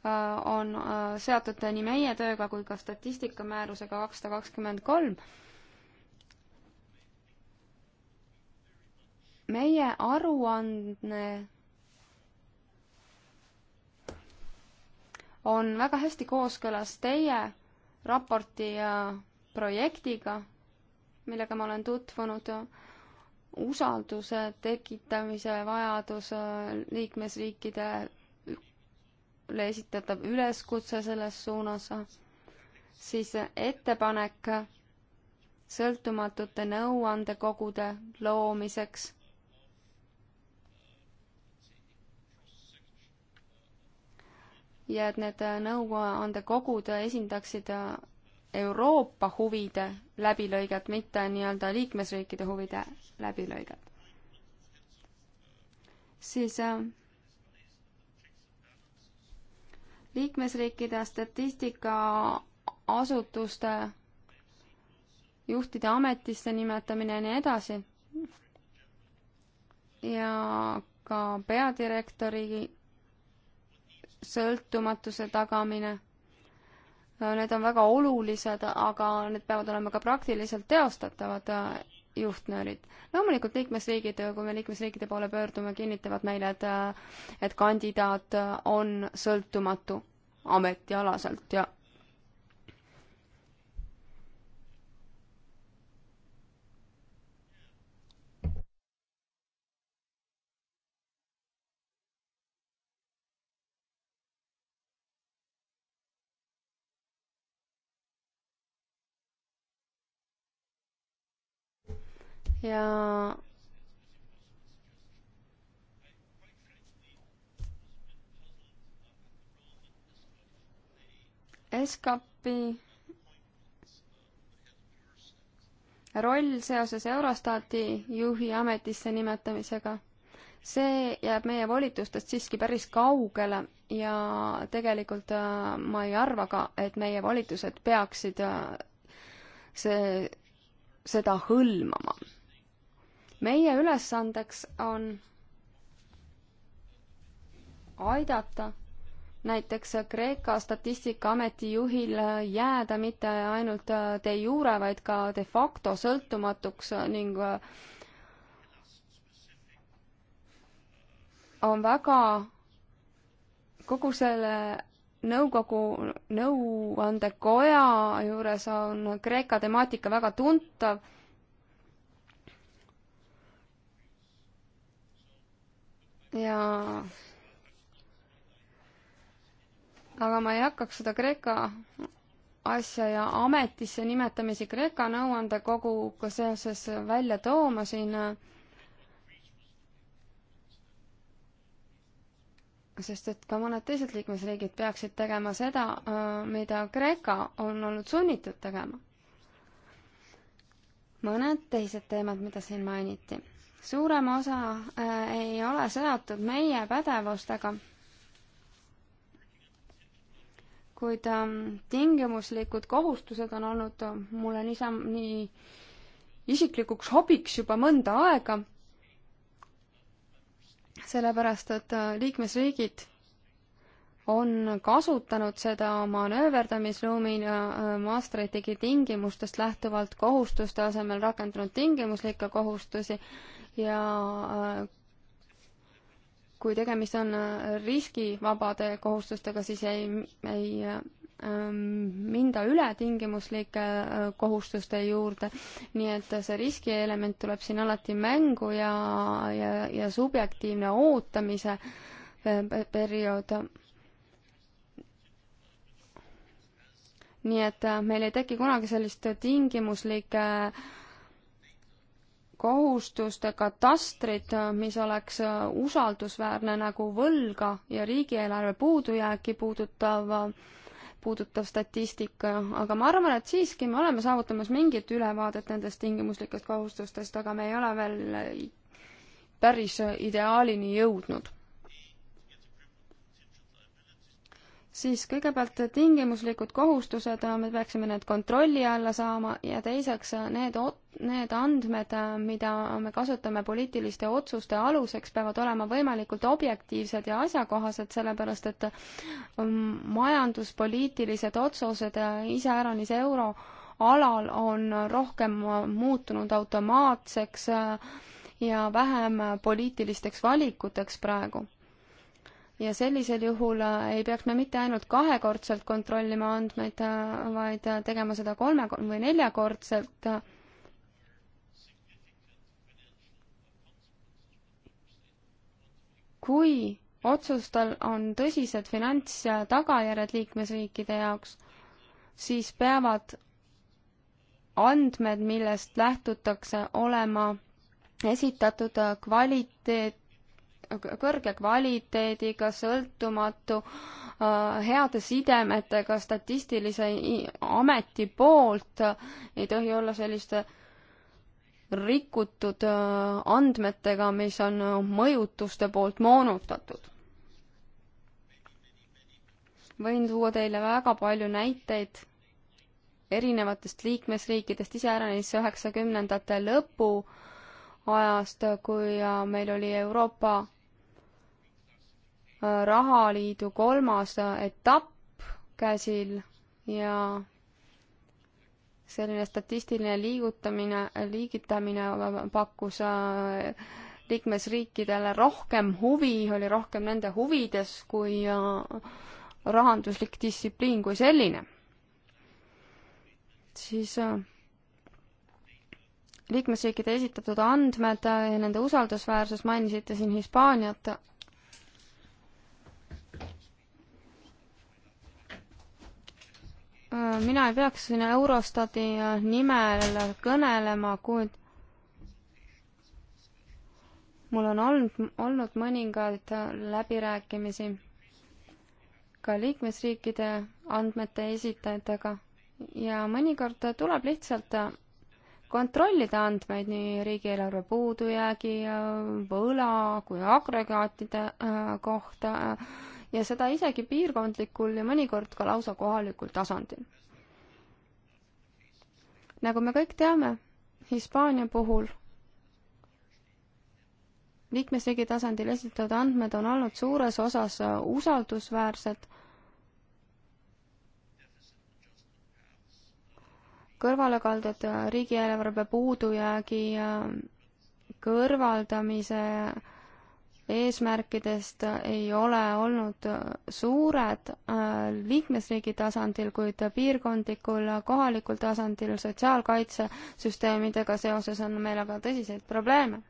on äh, seotud nii meie tööga kui ka statistikamäärusega kakssada kakskümmend kolm. meie aruanne on väga hästi kooskõlas teie raporti ja projektiga millega ma olen tutvunud, usalduse tekitamise vajadus äh, liikmesriikidele esitatav üleskutse selles suunas, siis ettepanek sõltumatute nõuandekogude loomiseks ja et need nõuandekogud esindaksid Euroopa huvide läbilõiget, mitte nii-öelda liikmesriikide huvide läbilõiget. siis äh, liikmesriikide statistikaasutuste juhtide ametisse nimetamine ja nii edasi. ja ka peadirektori sõltumatuse tagamine Need on väga olulised, aga need peavad olema ka praktiliselt teostatavad äh, juhtnöörid. loomulikult liikmesriigid, kui me liikmesriikide poole pöördume, kinnitavad meile, et äh, et kandidaat äh, on sõltumatu ametialaselt ja ja SKP roll seoses Eurostati juhi ametisse nimetamisega, see jääb meie volitustest siiski päris kaugele ja tegelikult äh, ma ei arva ka, et meie volitused peaksid äh, see, seda hõlmama meie ülesandeks on aidata näiteks Kreeka statistikaameti juhil jääda mitte ainult de jure, vaid ka de facto sõltumatuks ning on väga kogu selle nõukogu nõuandekoja juures on Kreeka temaatika väga tuntav ja aga ma ei hakkaks seda Kreeka asja ja ametisse nimetamisi Kreeka nõuandekoguga seoses välja tooma siin. sest et ka mõned teised liikmesriigid peaksid tegema seda, mida Kreeka on olnud sunnitud tegema. mõned teised teemad, mida siin mainiti suurem osa äh, ei ole seotud meie pädevustega, kuid äh, tingimuslikud kohustused on olnud mulle nisa-, nii isiklikuks hobiks juba mõnda aega, sellepärast et äh, liikmesriigid on kasutanud seda manööverdamisruumina äh, Maastrichtigi tingimustest lähtuvalt kohustuste asemel rakendanud tingimuslikke kohustusi ja äh, kui tegemist on äh, riskivabade kohustustega, siis ei, ei ähm, minda üle tingimuslike äh, kohustuste juurde, nii et see riskielement tuleb siin alati mängu ja, ja, ja subjektiivne ootamise periood. nii et meil ei teki kunagi sellist tingimuslike äh, kohustuste katastrit, mis oleks usaldusväärne nagu võlga ja riigieelarve puudujääki puudutav, puudutav statistika, aga ma arvan, et siiski me oleme saavutamas mingit ülevaadet nendest tingimuslikest kohustustest, aga me ei ole veel päris ideaalini jõudnud siis kõigepealt tingimuslikud kohustused, me peaksime need kontrolli alla saama ja teiseks need, need andmed, mida me kasutame poliitiliste otsuste aluseks, peavad olema võimalikult objektiivsed ja asjakohased, sellepärast et mm, majanduspoliitilised otsused iseäranis euroalal on rohkem muutunud automaatseks ja vähem poliitilisteks valikuteks praegu ja sellisel juhul äh, ei peaks me mitte ainult kahekordselt kontrollima andmeid, äh, vaid äh, tegema seda kolme- või neljakordselt. kui otsustel on tõsised finants- ja tagajärjed liikmesriikide jaoks, siis peavad andmed, millest lähtutakse, olema esitatud kvaliteet, kõrge kvaliteediga, sõltumatu, äh, heade sidemetega statistilise ameti poolt, ei tohi olla selliste rikutud äh, andmetega, mis on äh, mõjutuste poolt moonutatud. võin tuua teile väga palju näiteid erinevatest liikmesriikidest, iseäranis üheksakümnendate lõpu ajast, kui meil oli Euroopa rahaliidu kolmas etapp käsil ja selline statistiline liigutamine, liigitamine pakkus äh, liikmesriikidele rohkem huvi, oli rohkem nende huvides kui äh, rahanduslik distsipliin kui selline. siis äh, liikmesriikide esitatud andmed ja nende usaldusväärsus, mainisite siin Hispaaniat mina ei peaks siin Eurostati äh, nimel kõnelema, kuid mul on olnud, olnud mõningaid äh, läbirääkimisi ka liikmesriikide andmete esitajatega ja mõnikord tuleb lihtsalt äh, kontrollida andmeid nii riigieelarve puudujäägi, võla kui agregaatide kohta äh, ja seda isegi piirkondlikul ja mõnikord ka lausa kohalikul tasandil. nagu me kõik teame, Hispaania puhul liikmesriigi tasandil esitatud andmed on olnud suures osas äh, usaldusväärsed kõrvalekalded äh, riigieelarve puudujäägi äh, kõrvaldamise eesmärkidest ei ole olnud suured äh, liikmesriigi tasandil, kuid piirkondlikul, kohalikul tasandil sotsiaalkaitsesüsteemidega seoses on meil aga tõsiseid probleeme.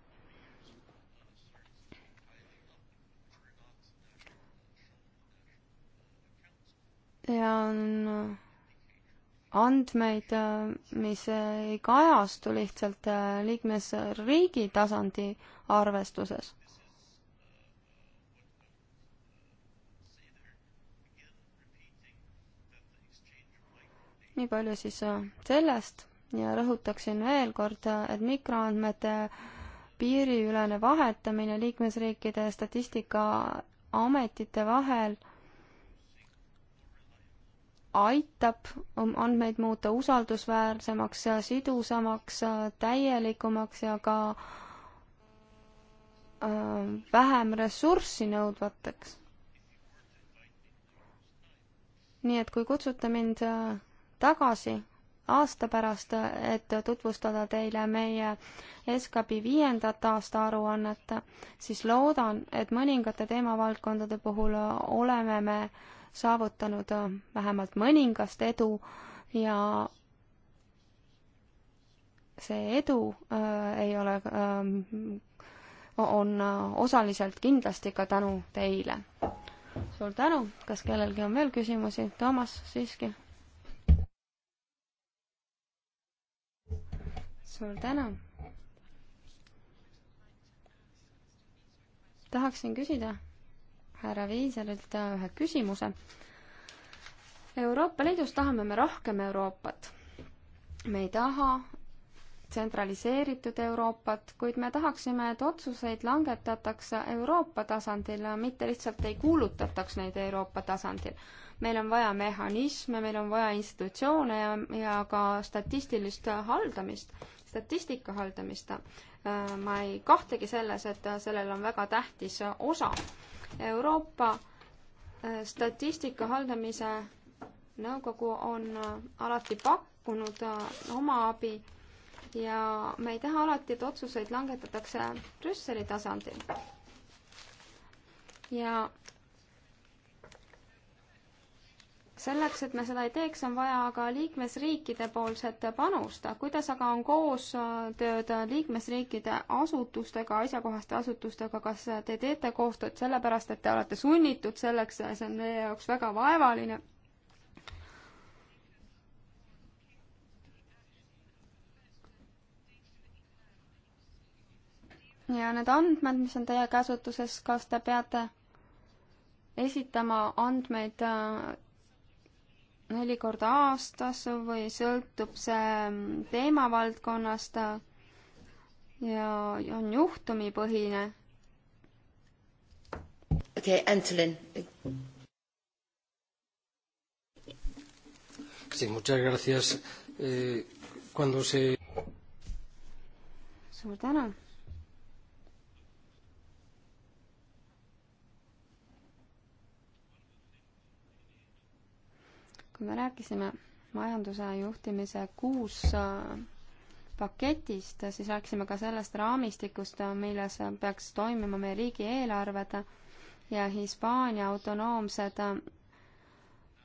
ja on andmeid, äh, mis ei kajastu lihtsalt äh, liikmesriigi tasandi arvestuses nii palju siis äh, sellest ja rõhutaksin veel kord, äh, et mikroandmete äh, piiriülene vahetamine liikmesriikide statistikaametite vahel aitab um, andmeid muuta usaldusväärsemaks ja sidusamaks, täielikumaks ja ka vähem ressurssi nõudvateks. nii et kui kutsute mind tagasi aasta pärast, et tutvustada teile meie SKP viiendat aasta aruannet, siis loodan, et mõningate teemavaldkondade puhul oleme me saavutanud vähemalt mõningast edu ja see edu äh, ei ole äh,, on osaliselt kindlasti ka tänu teile. suur tänu, kas kellelgi on veel küsimusi? Toomas, siiski suur tänu. tahaksin küsida härra Viiserilt äh, ühe küsimuse. Euroopa Liidus tahame me rohkem Euroopat. me ei taha tsentraliseeritud Euroopat, kuid me tahaksime, et otsuseid langetatakse Euroopa tasandil, mitte lihtsalt ei kuulutataks neid Euroopa tasandil. meil on vaja mehhanisme, meil on vaja institutsioone ja, ja ka statistilist haldamist statistika haldamist. Äh, ma ei kahtlegi selles, et sellel on väga tähtis osa. Euroopa äh, statistika haldamise nõukogu on äh, alati pakkunud oma abi ja me ei taha alati, et otsuseid langetatakse Brüsseli tasandil. ja selleks, et me seda ei teeks, on vaja aga liikmesriikide poolset panust. kuidas aga on koostööd äh, liikmesriikide asutustega, asjakohaste asutustega, kas te teete koostööd sellepärast, et te olete sunnitud selleks, see on meie jaoks väga vaevaline? ja need andmed, mis on teie käsutuses, kas te peate esitama andmeid äh, neli korda aastas või sõltub see mm, teemavaldkonnast ja on juhtumipõhine. okei okay,, Antolin. Sí, muchas gracias. Eh, cuando se... Suur tänu me rääkisime majanduse juhtimise kuus äh, paketist, siis rääkisime ka sellest raamistikust, äh, milles peaks toimima meie riigieelarved ja Hispaania autonoomsed äh,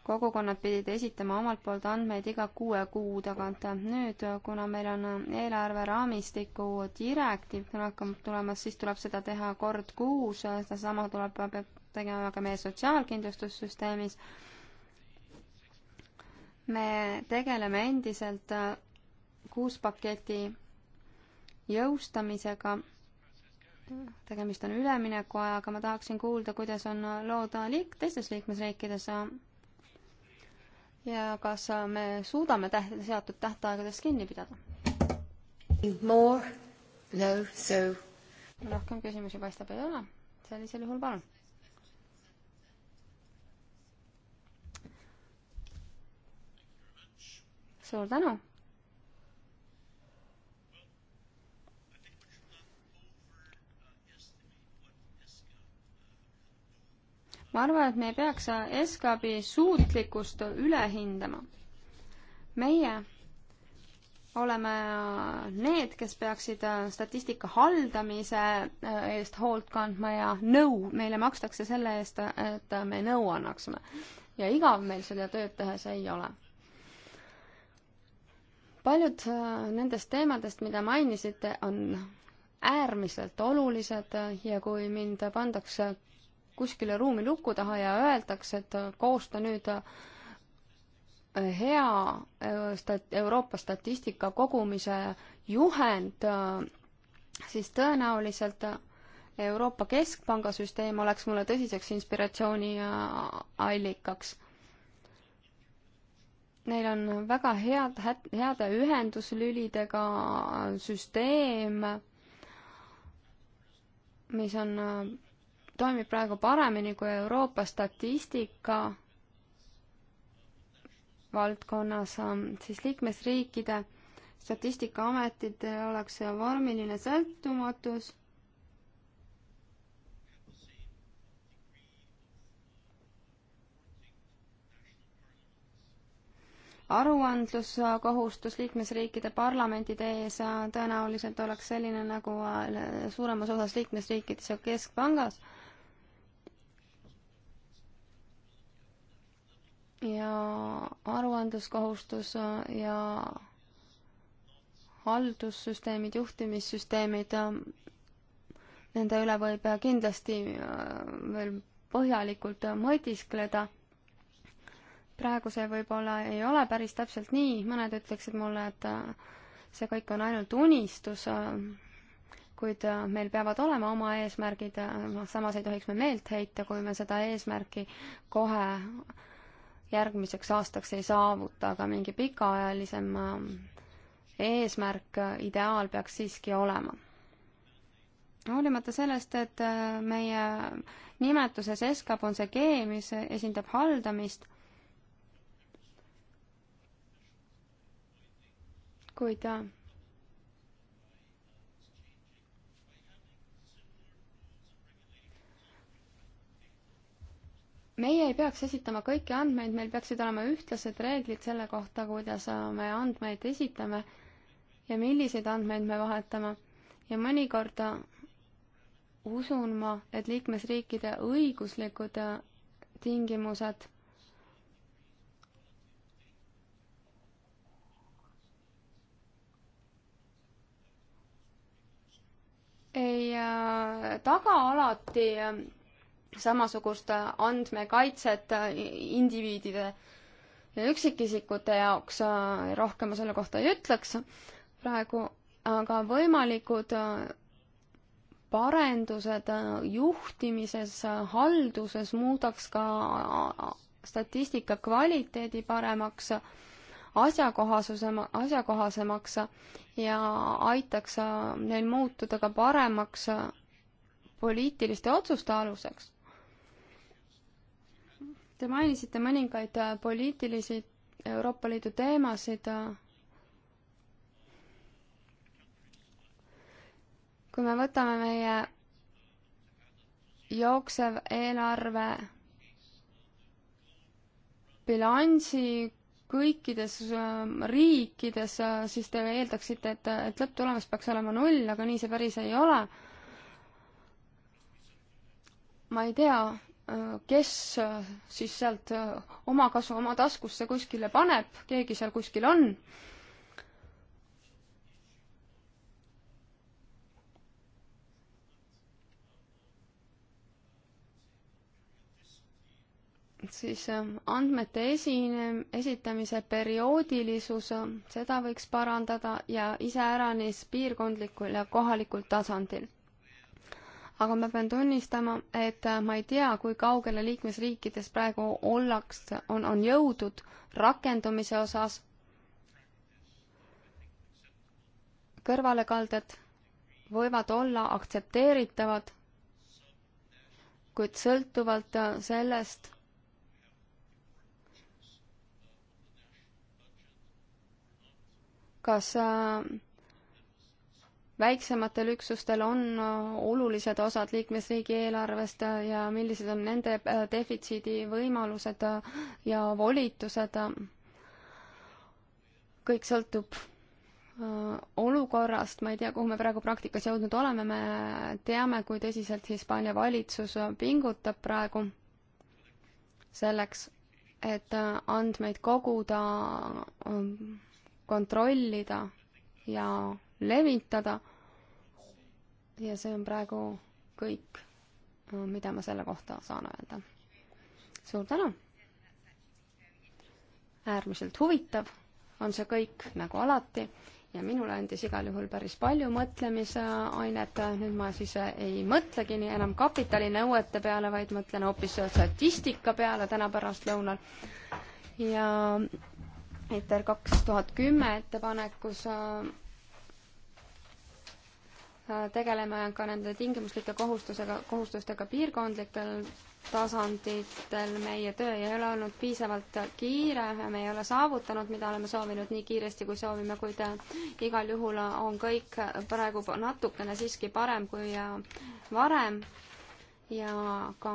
kogukonnad pidid esitama omalt poolt andmeid iga kuue kuu tagant. nüüd, kuna meil on eelarveraamistiku direktiiv hakkab tulemas, siis tuleb seda teha kord kuus, sedasama tuleb, peab tegema ka meie sotsiaalkindlustussüsteemis me tegeleme endiselt äh, kuuspaketi jõustamisega. tegemist on üleminekuajaga, ma tahaksin kuulda, kuidas on lood liik-, teistes liikmesriikides ja kas me suudame täht-, seatud tähtaegadest kinni pidada. More? No, so. rohkem küsimusi paistab ei ole, sellisel juhul palun suur tänu. ma arvan, et me ei peaks SKB suutlikkust üle hindama. meie oleme need, kes peaksid statistika haldamise äh, eest hoolt kandma ja nõu, meile makstakse selle eest, et me nõu annaksime. ja igav meil seda tööd tehes ei ole paljud äh, nendest teemadest, mida mainisite, on äärmiselt olulised äh, ja kui mind pandakse kuskile ruumi luku taha ja öeldakse, et äh, koosta nüüd hea stat-, Euroopa statistika kogumise juhend, siis tõenäoliselt Euroopa Keskpanga süsteem oleks mulle tõsiseks inspiratsiooni allikaks neil on väga head, heade ühenduslülidega süsteem, mis on, toimib praegu paremini kui Euroopa statistika valdkonnas, siis liikmesriikide statistikaametid oleks vormiline sõltumatus aruandluskohustus liikmesriikide parlamentide ees tõenäoliselt oleks selline, nagu äh, suuremas osas liikmesriikides ja keskpangas. ja aruandluskohustus äh, ja haldussüsteemid, juhtimissüsteemid, äh, nende üle võib kindlasti veel põhjalikult mõtiskleda praegu see võib-olla ei ole päris täpselt nii, mõned ütleksid mulle, et äh, see kõik on ainult unistus, äh, kuid äh, meil peavad olema oma eesmärgid, noh samas ei tohiks me meelt heita, kui me seda eesmärki kohe järgmiseks aastaks ei saavuta, aga mingi pikaajalisem eesmärk, ideaal peaks siiski olema. hoolimata sellest, et meie nimetuses SKAP on see G, mis esindab haldamist kuid äh, meie ei peaks esitama kõiki andmeid, meil peaksid olema ühtlased reeglid selle kohta, kuidas äh, me andmeid esitame ja milliseid andmeid me vahetame. ja mõnikord äh, usun ma, et liikmesriikide õiguslikud tingimused ei äh, taga alati äh, samasugust äh, andmekaitset indiviidide ja üksikisikute jaoks, rohkem ma selle kohta ei ütleks praegu, aga võimalikud parendused juhtimises, halduses muudaks ka statistika kvaliteedi paremaks asjakohasusema, asjakohasemaks ja aitaks äh, neil muutuda ka paremaks äh, poliitiliste otsuste aluseks. Te mainisite mõningaid äh, poliitilisi Euroopa Liidu teemasid. kui me võtame meie jooksev eelarve bilansi kõikides ähm, riikides, äh, siis te eeldaksite, et, äh, et lõpptulemus peaks olema null, aga nii see päris ei ole. ma ei tea, äh, kes siis sealt oma kasu oma taskusse kuskile paneb, keegi seal kuskil on siis ähm, andmete esine, esitamise perioodilisus, ähm, seda võiks parandada ja iseäranis piirkondlikul ja kohalikul tasandil. aga ma pean tunnistama, et äh, ma ei tea, kui kaugele liikmesriikides praegu ollakse, on, on jõudud rakendumise osas. kõrvalekalded võivad olla aktsepteeritavad kuid sõltuvalt äh, sellest, kas äh, väiksematel üksustel on äh, olulised osad liikmesriigi eelarvest äh, ja millised on nende defitsiidi võimalused ja volitused. kõik sõltub olukorrast, ma ei tea, kuhu me praegu praktikas jõudnud oleme, me teame, kui tõsiselt Hispaania valitsus pingutab praegu selleks, et andmeid koguda kontrollida ja levitada. ja see on praegu kõik, mida ma selle kohta saan öelda. suur tänu! äärmiselt huvitav on see kõik, nagu alati, ja minule andis igal juhul päris palju mõtlemisainet, nüüd ma siis ei mõtlegi nii enam kapitalinõuete peale, vaid mõtlen hoopis statistika peale täna pärastlõunal. ja ITER kaks tuhat kümme ettepanekus äh, äh, tegeleme ka nende tingimuslike kohustusega, kohustustega piirkondlikel tasanditel. meie töö ei ole olnud piisavalt kiire, me ei ole saavutanud, mida oleme soovinud nii kiiresti, kui soovime, kuid äh, igal juhul on kõik praegu natukene siiski parem kui varem ja ka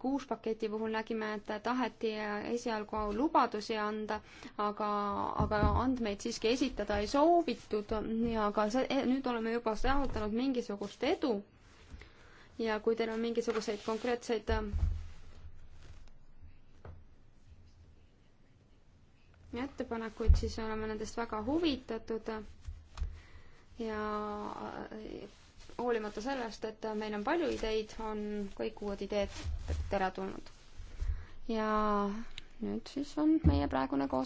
kuus paketi puhul nägime, et taheti esialgu lubadusi anda, aga, aga andmeid siiski esitada ei soovitud ja ka see, e, nüüd oleme juba saavutanud mingisugust edu. ja kui teil on mingisuguseid konkreetseid äh, ettepanekuid, siis oleme nendest väga huvitatud ja äh, hoolimata sellest, et meil on palju ideid, on kõik uued ideed teretulnud. ja nüüd siis on meie praegune koos-,